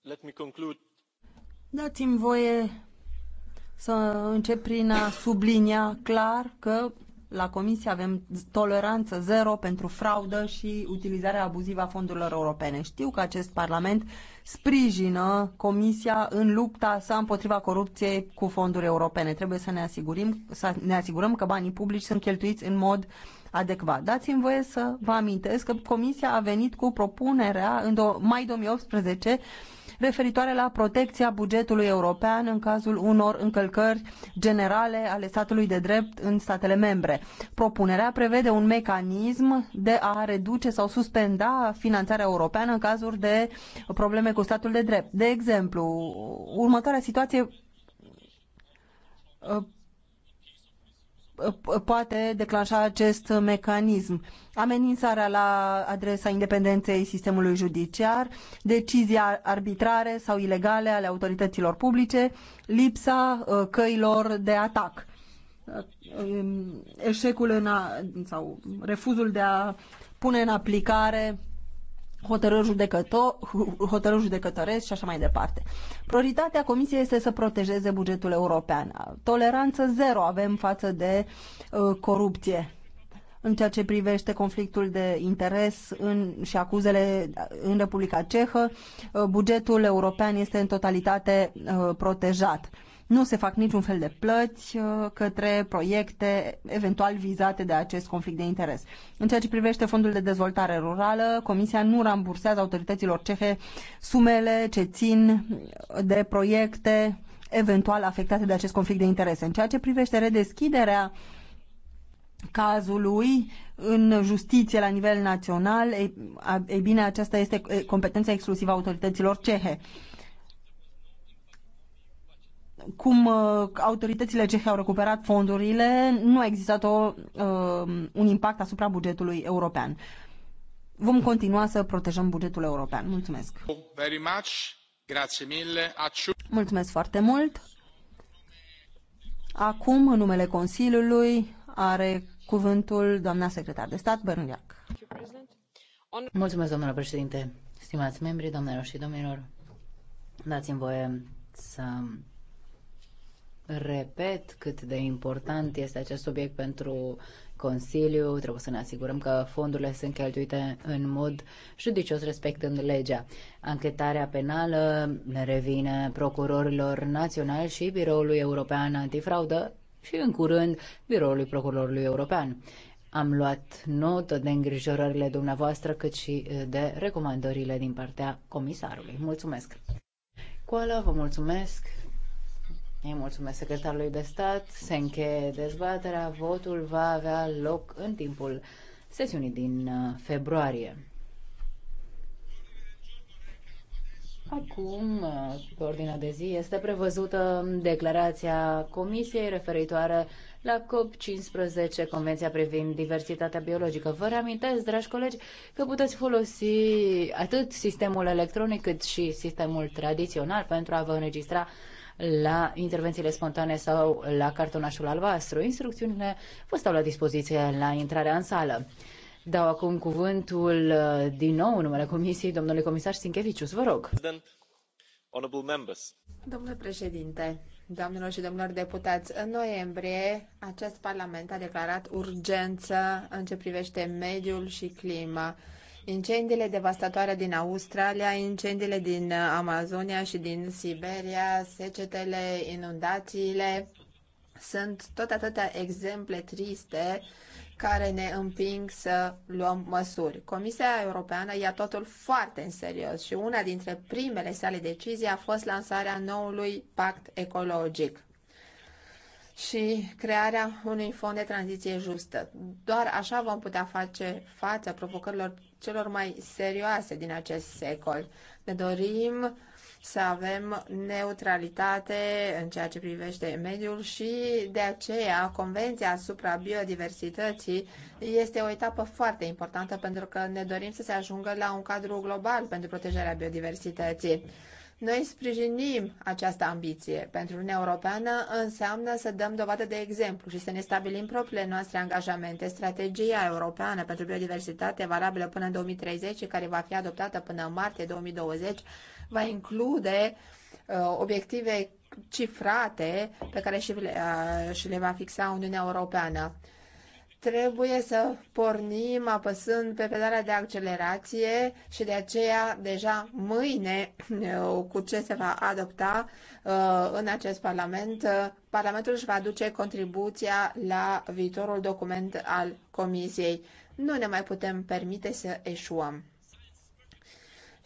Let me conclude. Dați-mi voie să încep prin a sublinia clar că la Comisie avem toleranță zero pentru fraudă și utilizarea abuzivă a fondurilor europene. Știu că acest Parlament sprijină Comisia în lupta sa împotriva corupției cu fonduri europene. Trebuie să ne, asigurim, să ne asigurăm că banii publici sunt cheltuiți în mod adecvat. Dați-mi voie să vă amintesc că Comisia a venit cu propunerea în mai 2018 referitoare la protecția bugetului european în cazul unor încălcări generale ale statului de drept în statele membre. Propunerea prevede un mecanism de a reduce sau suspenda finanțarea europeană în cazuri de probleme cu statul de drept. De exemplu, următoarea situație poate declanșa acest mecanism. Amenințarea la adresa independenței sistemului judiciar, decizia arbitrare sau ilegale ale autorităților publice, lipsa uh, căilor de atac eșecul în a, sau refuzul de a pune în aplicare hotărâri, judecăto- hotărâri judecătoresc și așa mai departe. Prioritatea Comisiei este să protejeze bugetul european. Toleranță zero avem față de uh, corupție în ceea ce privește conflictul de interes în, și acuzele în Republica Cehă. Uh, bugetul european este în totalitate uh, protejat. Uh, nu se fac niciun fel de plăți uh, către proiecte eventual vizate de acest conflict de interes. În ceea ce privește Fondul de Dezvoltare Rurală, Comisia nu rambursează autorităților cehe sumele ce țin de proiecte eventual afectate de acest conflict de interese. În ceea ce privește redeschiderea cazului în justiție la nivel național, ei bine, aceasta este competența exclusivă a autorităților cehe cum uh, autoritățile cehe au recuperat fondurile, nu a existat o, uh, un impact asupra bugetului european. Vom continua să protejăm bugetul european. Mulțumesc! Very much. Grazie mille. Mulțumesc foarte mult! Acum, în numele Consiliului, are cuvântul doamna secretar de stat, Bernliac. Mulțumesc, domnule președinte, stimați membri, doamnelor și domnilor. Dați-mi voie să repet cât de important este acest subiect pentru Consiliu. Trebuie să ne asigurăm că fondurile sunt cheltuite în mod judicios respectând legea. Anchetarea penală ne revine procurorilor naționali și Biroului European Antifraudă și în curând Biroului Procurorului European. Am luat notă de îngrijorările dumneavoastră, cât și de recomandările din partea comisarului. Mulțumesc! Coala, vă mulțumesc! Îi mulțumesc secretarului de stat. Se încheie dezbaterea. Votul va avea loc în timpul sesiunii din uh, februarie. Acum, uh, pe ordinea de zi, este prevăzută declarația Comisiei referitoare la COP15, Convenția privind diversitatea biologică. Vă reamintesc, dragi colegi, că puteți folosi atât sistemul electronic cât și sistemul tradițional pentru a vă înregistra la intervențiile spontane sau la cartonașul albastru. Instrucțiunile vă stau la dispoziție la intrarea în sală. Dau acum cuvântul uh, din nou în numele Comisiei, domnule comisar Sinchevicius, vă rog. Domnule președinte, Doamnelor și domnilor deputați, în noiembrie acest Parlament a declarat urgență în ce privește mediul și clima. Incendiile devastatoare din Australia, incendiile din uh, Amazonia și din Siberia, secetele, inundațiile, sunt tot atâtea exemple triste care ne împing să luăm măsuri. Comisia Europeană ia totul foarte în serios și una dintre primele sale decizii a fost lansarea noului pact ecologic și crearea unui fond de tranziție justă. Doar așa vom putea face față provocărilor celor mai serioase din acest secol. Ne dorim să avem neutralitate în ceea ce privește mediul și de aceea Convenția asupra biodiversității este o etapă foarte importantă pentru că ne dorim să se ajungă la un cadru global pentru protejarea biodiversității. Noi sprijinim această ambiție. Pentru Uniunea Europeană înseamnă să dăm dovadă de exemplu și să ne stabilim propriile noastre angajamente. Strategia europeană pentru biodiversitate valabilă până în 2030, care va fi adoptată până în martie 2020, va include uh, obiective cifrate pe care și, uh, și le va fixa Uniunea Europeană trebuie să pornim apăsând pe pedala de accelerație și de aceea deja mâine cu ce se va adopta uh, în acest Parlament, uh, Parlamentul își va aduce contribuția la viitorul document al Comisiei. Nu ne mai putem permite să eșuăm.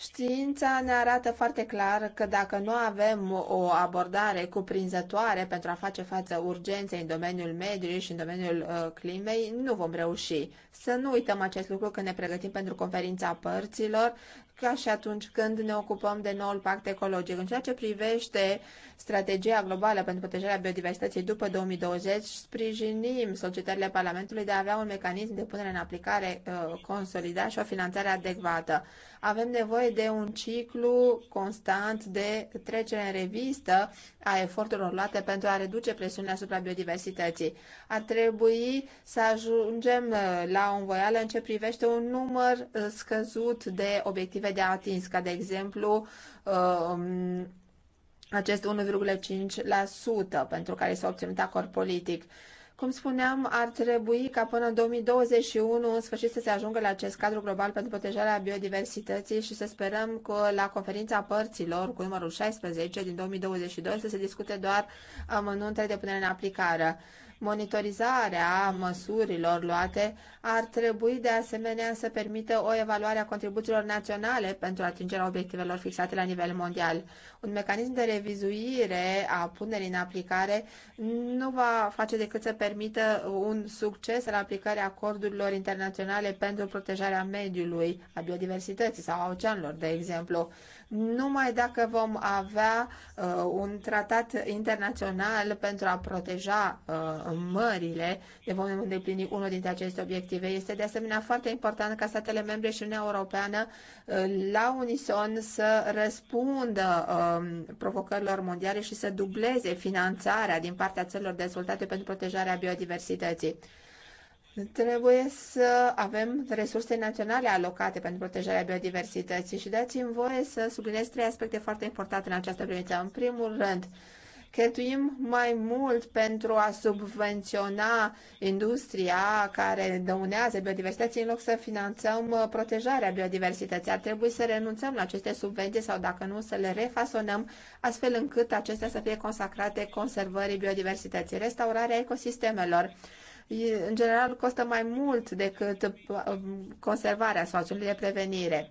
Știința ne arată foarte clar că dacă nu avem o abordare cuprinzătoare pentru a face față urgenței în domeniul mediului și în domeniul uh, climei, nu vom reuși. Să nu uităm acest lucru când ne pregătim pentru conferința părților, ca și atunci când ne ocupăm de noul pact ecologic. În ceea ce privește strategia globală pentru protejarea biodiversității după 2020, sprijinim solicitările Parlamentului de a avea un mecanism de punere în aplicare uh, consolidat și o finanțare adecvată. Avem nevoie de un ciclu constant de trecere în revistă a eforturilor luate pentru a reduce presiunea asupra biodiversității. Ar trebui să ajungem uh, la o învoială în ce privește un număr uh, scăzut de obiective de atins, ca de exemplu uh, acest 1,5% pentru care s-a obținut acord politic. Cum spuneam, ar trebui ca până în 2021 în sfârșit să se ajungă la acest cadru global pentru protejarea biodiversității și să sperăm că la conferința părților cu numărul 16 din 2022 să se discute doar amănuntele de punere în aplicare. Monitorizarea măsurilor luate ar trebui de asemenea să permită o evaluare a contribuțiilor naționale pentru atingerea obiectivelor fixate la nivel mondial. Un mecanism de revizuire a punerii în aplicare nu va face decât să permită un succes la aplicarea acordurilor internaționale pentru protejarea mediului, a biodiversității sau a oceanelor, de exemplu numai dacă vom avea uh, un tratat internațional pentru a proteja uh, mările, ne vom îndeplini unul dintre aceste obiective. Este de asemenea foarte important ca statele membre și Uniunea Europeană uh, la unison să răspundă uh, provocărilor mondiale și să dubleze finanțarea din partea țărilor dezvoltate pentru protejarea biodiversității. Trebuie să avem resurse naționale alocate pentru protejarea biodiversității și dați-mi voie să subliniez trei aspecte foarte importante în această privință. În primul rând, cheltuim mai mult pentru a subvenționa industria care dăunează biodiversității în loc să finanțăm uh, protejarea biodiversității. Ar trebui să renunțăm la aceste subvenții sau, dacă nu, să le refasonăm astfel încât acestea să fie consacrate conservării biodiversității, restaurarea ecosistemelor în general costă mai mult decât um, conservarea sau acțiunile de prevenire.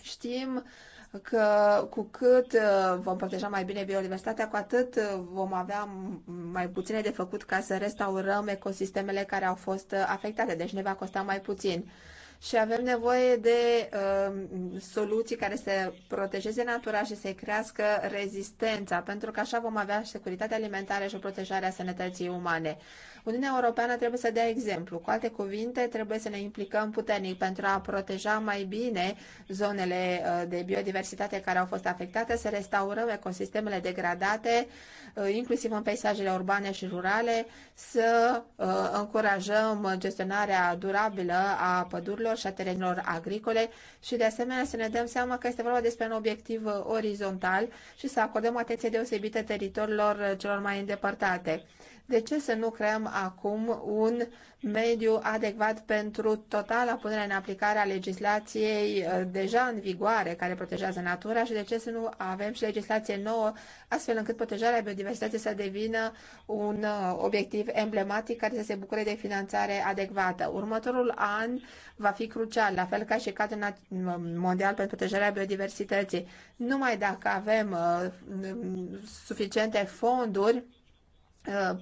Știm că cu cât uh, vom proteja mai bine biodiversitatea, cu atât uh, vom avea mai puține de făcut ca să restaurăm ecosistemele care au fost uh, afectate, deci ne va costa mai puțin. Și avem nevoie de uh, soluții care să protejeze natura și să-i crească rezistența, pentru că așa vom avea securitatea alimentară și a sănătății umane. Uniunea Europeană trebuie să dea exemplu. Cu alte cuvinte, trebuie să ne implicăm puternic pentru a proteja mai bine zonele uh, de biodiversitate care au fost afectate, să restaurăm ecosistemele degradate, uh, inclusiv în peisajele urbane și rurale, să uh, încurajăm gestionarea durabilă a pădurilor și a terenilor agricole și, de asemenea, să ne dăm seama că este vorba despre un obiectiv orizontal și să acordăm atenție deosebită teritoriilor celor mai îndepărtate de ce să nu creăm acum un mediu adecvat pentru totala punere în aplicare a legislației uh, deja în vigoare care protejează natura și de ce să nu avem și legislație nouă astfel încât protejarea biodiversității să devină un uh, obiectiv emblematic care să se bucure de finanțare adecvată. Următorul an va fi crucial, la fel ca și cadrul mondial pentru protejarea biodiversității. Numai dacă avem uh, suficiente fonduri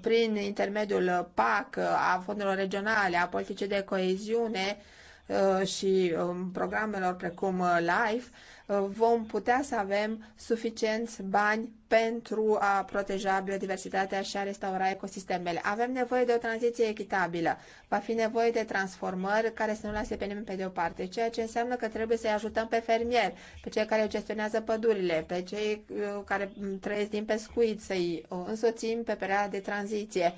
prin intermediul PAC, a fondurilor regionale, a politicii de coeziune, Uh, și um, programelor precum uh, LIFE, uh, vom putea să avem suficienți bani pentru a proteja biodiversitatea și a restaura ecosistemele. Avem nevoie de o tranziție echitabilă. Va fi nevoie de transformări care să nu lase pe nimeni pe deoparte, ceea ce înseamnă că trebuie să-i ajutăm pe fermieri, pe cei care gestionează pădurile, pe cei care trăiesc din pescuit, să-i însoțim pe perioada de tranziție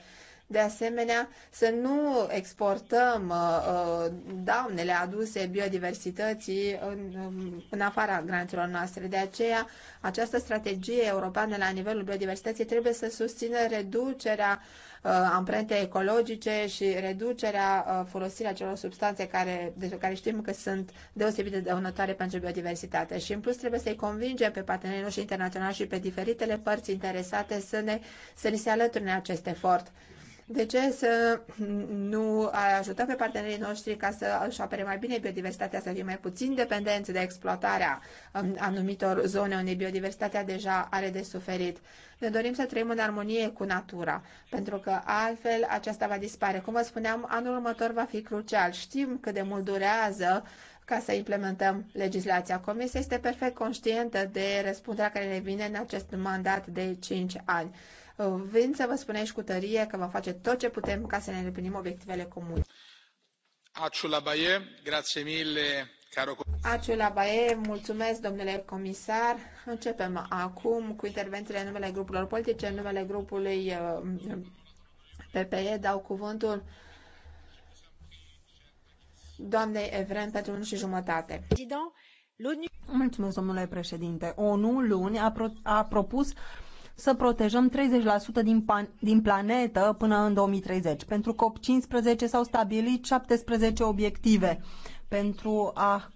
de asemenea, să nu exportăm uh, uh, daunele aduse biodiversității în, um, în afara granițelor noastre. De aceea, această strategie europeană la nivelul biodiversității trebuie să susțină reducerea uh, amprentei ecologice și reducerea folosirea celor substanțe care, de care știm că sunt deosebit de dăunătoare pentru biodiversitate. Și în plus trebuie să-i convingem pe partenerii noștri internaționali și pe diferitele părți interesate să ne, să ne se alăture în acest efort. De ce să nu ajutăm pe partenerii noștri ca să își apere mai bine biodiversitatea, să fie mai puțin dependenți de exploatarea um, anumitor zone unde biodiversitatea deja are de suferit? Ne dorim să trăim în armonie cu natura, pentru că altfel aceasta va dispare. Cum vă spuneam, anul următor va fi crucial. Știm cât de mult durează ca să implementăm legislația. Comisia este perfect conștientă de răspunderea care ne vine în acest mandat de 5 ani. Uh, Vin să vă și cu tărie că vom face tot ce putem ca să ne îndeplinim obiectivele comune. Aciula Baie, grazie mille, caro Aciula Baie, mulțumesc, domnule comisar. Începem acum cu intervențiile în numele grupurilor politice, în numele grupului uh, PPE. Dau cuvântul doamnei Evren pentru un și jumătate. Mulțumesc, domnule președinte. ONU luni a, pro- a propus să protejăm 30% din, pan- din planetă până în 2030. Pentru COP15 s-au stabilit 17 obiective pentru a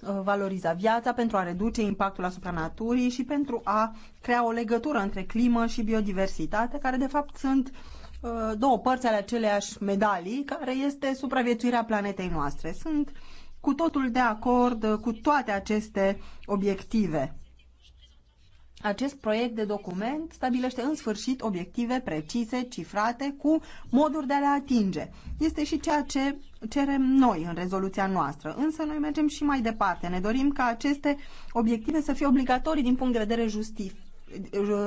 uh, valoriza viața, pentru a reduce impactul asupra naturii și pentru a crea o legătură între climă și biodiversitate, care de fapt sunt uh, două părți ale aceleași medalii, care este supraviețuirea planetei noastre. Sunt cu totul de acord uh, cu toate aceste obiective. Acest proiect de document stabilește în sfârșit obiective precise, cifrate, cu moduri de a le atinge. Este și ceea ce cerem noi în rezoluția noastră, însă noi mergem și mai departe. Ne dorim ca aceste obiective să fie obligatorii din punct de vedere justif,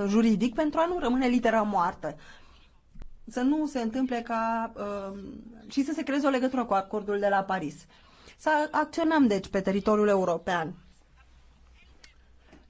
juridic pentru a nu rămâne litera moartă. Să nu se întâmple ca uh, și să se creeze o legătură cu acordul de la Paris. Să acționăm, deci, pe teritoriul european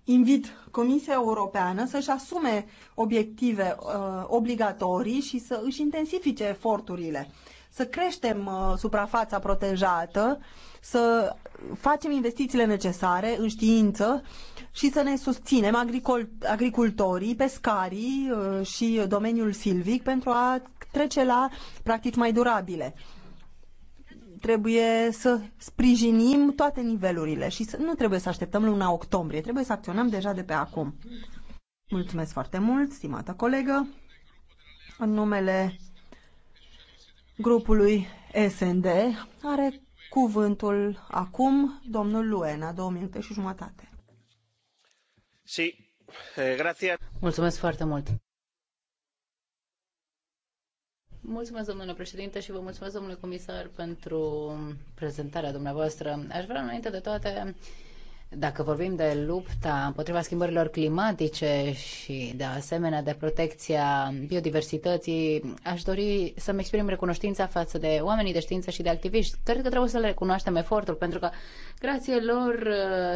invit Comisia Europeană să-și asume obiective uh, obligatorii și să își intensifice eforturile, să creștem uh, suprafața protejată, să facem investițiile necesare în știință și să ne susținem agricol, agricultorii, pescarii uh, și domeniul silvic pentru a trece la practici mai durabile. Uh, trebuie să sprijinim toate nivelurile și să, nu trebuie să așteptăm luna octombrie, trebuie să acționăm deja de pe acum. Mulțumesc foarte mult, stimată colegă. În numele grupului SND are cuvântul acum domnul Luena, două minute și jumătate. Sí. Eh, Mulțumesc foarte mult Mulțumesc, domnule președinte, și vă mulțumesc, domnule comisar, pentru prezentarea dumneavoastră. Aș vrea, înainte de toate, dacă vorbim de lupta împotriva schimbărilor climatice și, de asemenea, de protecția biodiversității, aș dori să-mi exprim recunoștința față de oamenii de știință și de activiști. Cred că trebuie să le recunoaștem efortul, pentru că, grație lor,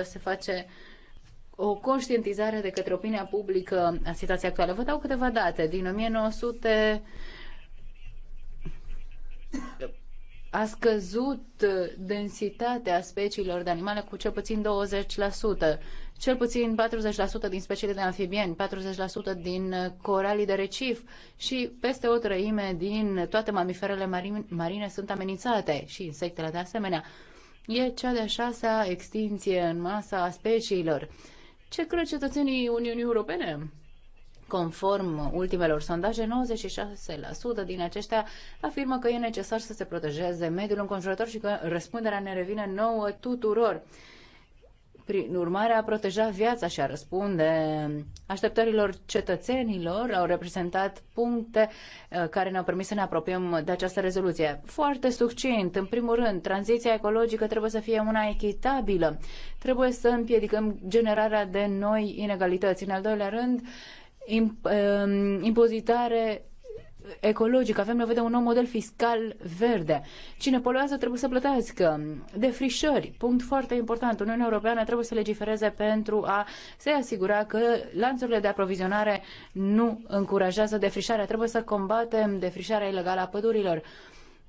se face o conștientizare de către opinia publică a situației actuale. Vă dau câteva date. Din 1900 a scăzut uh, densitatea speciilor de animale cu cel puțin 20%, cel puțin 40% din speciile de anfibieni, 40% din uh, coralii de recif și peste o treime din toate mamiferele marine sunt amenințate și insectele de asemenea. E cea de-a șasea extinție în masă a speciilor. Ce cred cetățenii Uniunii Europene? Conform ultimelor sondaje, 96% din aceștia afirmă că e necesar să se protejeze mediul înconjurător și că răspunderea ne revine nouă tuturor. Prin urmare, a proteja viața și a răspunde așteptărilor cetățenilor au reprezentat puncte uh, care ne-au permis să ne apropiem de această rezoluție. Foarte succint, în primul rând, tranziția ecologică trebuie să fie una echitabilă. Trebuie să împiedicăm generarea de noi inegalități. În al doilea rând, Um, impozitare ecologică, avem nevoie de un nou model fiscal verde. Cine poluează trebuie să plătească. Defrișări, punct foarte important. Uniunea Europeană trebuie să legifereze pentru a se asigura că lanțurile de aprovizionare nu încurajează defrișarea. Trebuie să combatem defrișarea ilegală a pădurilor.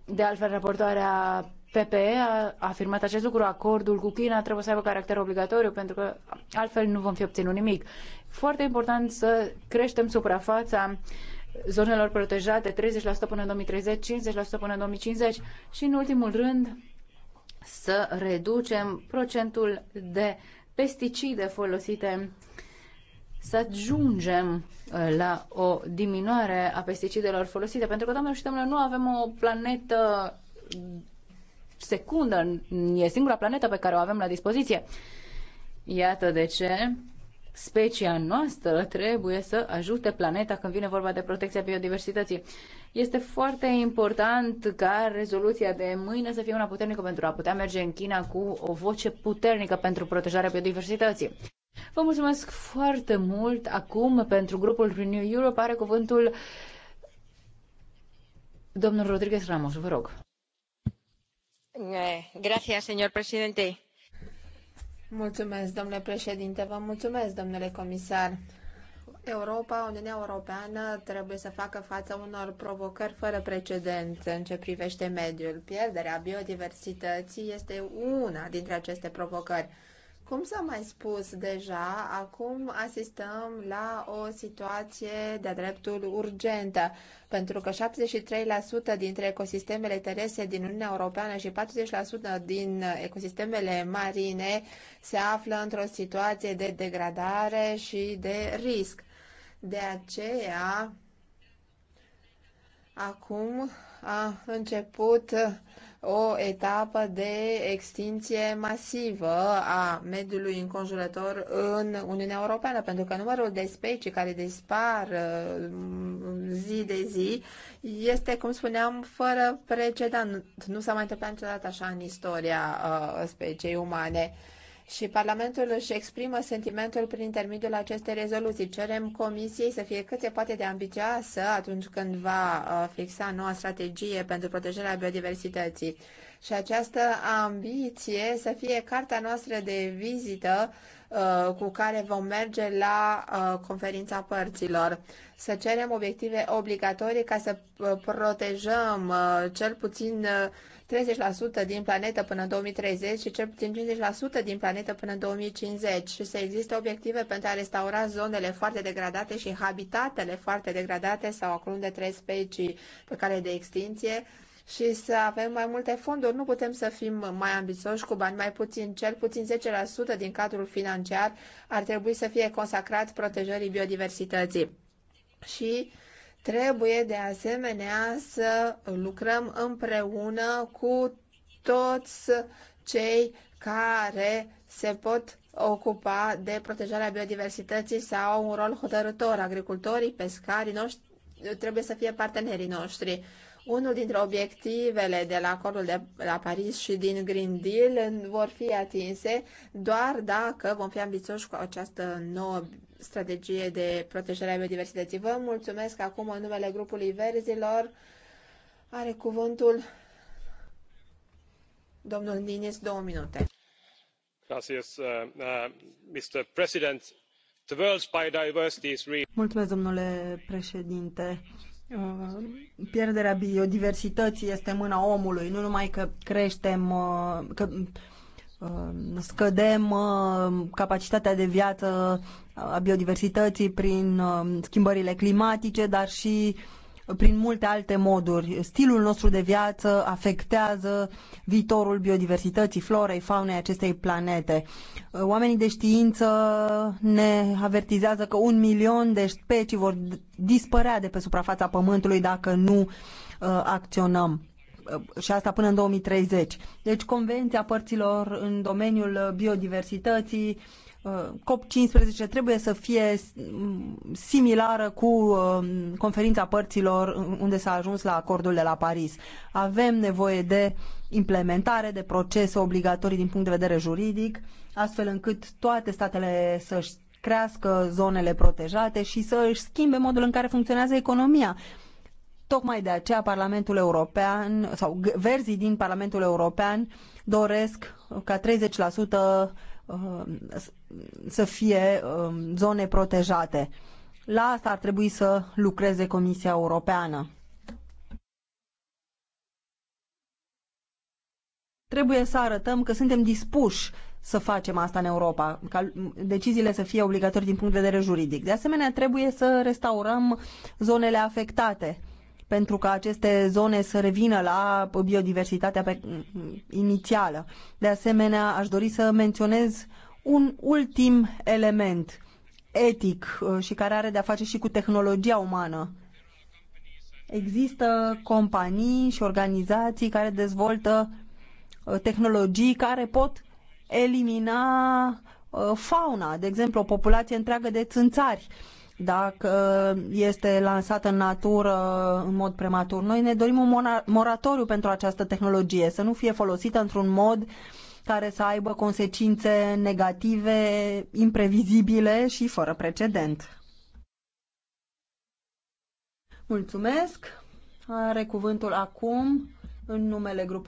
De altfel, raportoarea PPE a afirmat acest lucru, acordul cu China trebuie să aibă caracter obligatoriu pentru că altfel nu vom fi obținut nimic. Foarte important să creștem suprafața zonelor protejate 30% până în 2030, 50% până în 2050 și în ultimul rând să reducem procentul de pesticide folosite să ajungem uh, la o diminuare a pesticidelor folosite, pentru că, doamne și domnule, nu avem o planetă secundă, e singura planetă pe care o avem la dispoziție. Iată de ce specia noastră trebuie să ajute planeta când vine vorba de protecția biodiversității. Este foarte important ca rezoluția de mâine să fie una puternică pentru a putea merge în China cu o voce puternică pentru protejarea biodiversității. Vă mulțumesc foarte mult acum pentru grupul Renew Europe. Are cuvântul domnul Rodriguez Ramos, vă rog domnule eh, președinte. Mulțumesc, domnule președinte, vă mulțumesc, domnule comisar. Europa, Uniunea Europeană trebuie să facă față unor provocări fără precedent în ce privește mediul. Pierderea biodiversității este una dintre aceste provocări cum s-a mai spus deja, acum asistăm la o situație de-a dreptul urgentă, pentru că 73% dintre ecosistemele terestre din Uniunea Europeană și 40% din ecosistemele marine se află într-o situație de degradare și de risc. De aceea, acum a început o etapă de extinție masivă a mediului înconjurător în Uniunea Europeană, pentru că numărul de specii care dispar uh, zi de zi este, cum spuneam, fără precedent. Nu s-a mai întâmplat niciodată așa în istoria uh, speciei umane și Parlamentul își exprimă sentimentul prin intermediul acestei rezoluții. Cerem Comisiei să fie cât se poate de ambicioasă atunci când va uh, fixa noua strategie pentru protejarea biodiversității. Și această ambiție să fie carta noastră de vizită uh, cu care vom merge la uh, conferința părților. Să cerem obiective obligatorii ca să protejăm cel puțin uh, 30% din planetă până în 2030 și cel puțin 50% din planetă până în 2050 și să existe obiective pentru a restaura zonele foarte degradate și habitatele foarte degradate sau acolo unde trăiesc specii pe care de extinție și să avem mai multe fonduri. Nu putem să fim mai ambițioși cu bani mai puțin. Cel puțin 10% din cadrul financiar ar trebui să fie consacrat protejării biodiversității. Și Trebuie de asemenea să lucrăm împreună cu toți cei care se pot ocupa de protejarea biodiversității sau au un rol hotărător. Agricultorii, pescarii noștri trebuie să fie partenerii noștri. Unul dintre obiectivele de la acordul de la Paris și din Green Deal vor fi atinse doar dacă vom fi ambițioși cu această nouă strategie de protejare a biodiversității. Vă mulțumesc acum în numele grupului Verzilor. Are cuvântul domnul Ninis, două minute. Gracias, uh, uh, Mr. President. The world's biodiversity is real. Mulțumesc, domnule președinte. Uh, pierderea biodiversității este mâna omului. Nu numai că creștem, uh, că uh, scădem capacitatea de viață a biodiversității, prin uh, schimbările climatice, dar și prin multe alte moduri. Stilul nostru de viață afectează viitorul biodiversității, florei, faunei acestei planete. Uh, oamenii de știință ne avertizează că un milion de specii vor dispărea de pe suprafața Pământului dacă nu uh, acționăm uh, și asta până în 2030. Deci Convenția Părților în domeniul biodiversității COP15 trebuie să fie similară cu um, conferința părților unde s-a ajuns la acordul de la Paris. Avem nevoie de implementare, de procese obligatorii din punct de vedere juridic, astfel încât toate statele să-și crească zonele protejate și să își schimbe modul în care funcționează economia. Tocmai de aceea Parlamentul European sau verzii din Parlamentul European doresc ca 30% să fie um, zone protejate. La asta ar trebui să lucreze Comisia Europeană. Trebuie să arătăm că suntem dispuși să facem asta în Europa, ca deciziile să fie obligatorii din punct de vedere juridic. De asemenea, trebuie să restaurăm zonele afectate pentru ca aceste zone să revină la biodiversitatea pe, inițială. De asemenea, aș dori să menționez un ultim element etic uh, și care are de-a face și cu tehnologia umană. Există companii și organizații care dezvoltă uh, tehnologii care pot elimina uh, fauna, de exemplu, o populație întreagă de țânțari dacă este lansată în natură în mod prematur. Noi ne dorim un moratoriu pentru această tehnologie, să nu fie folosită într-un mod uh, care să aibă consecințe negative, imprevizibile și fără precedent. Mulțumesc. Are cuvântul acum în numele grupului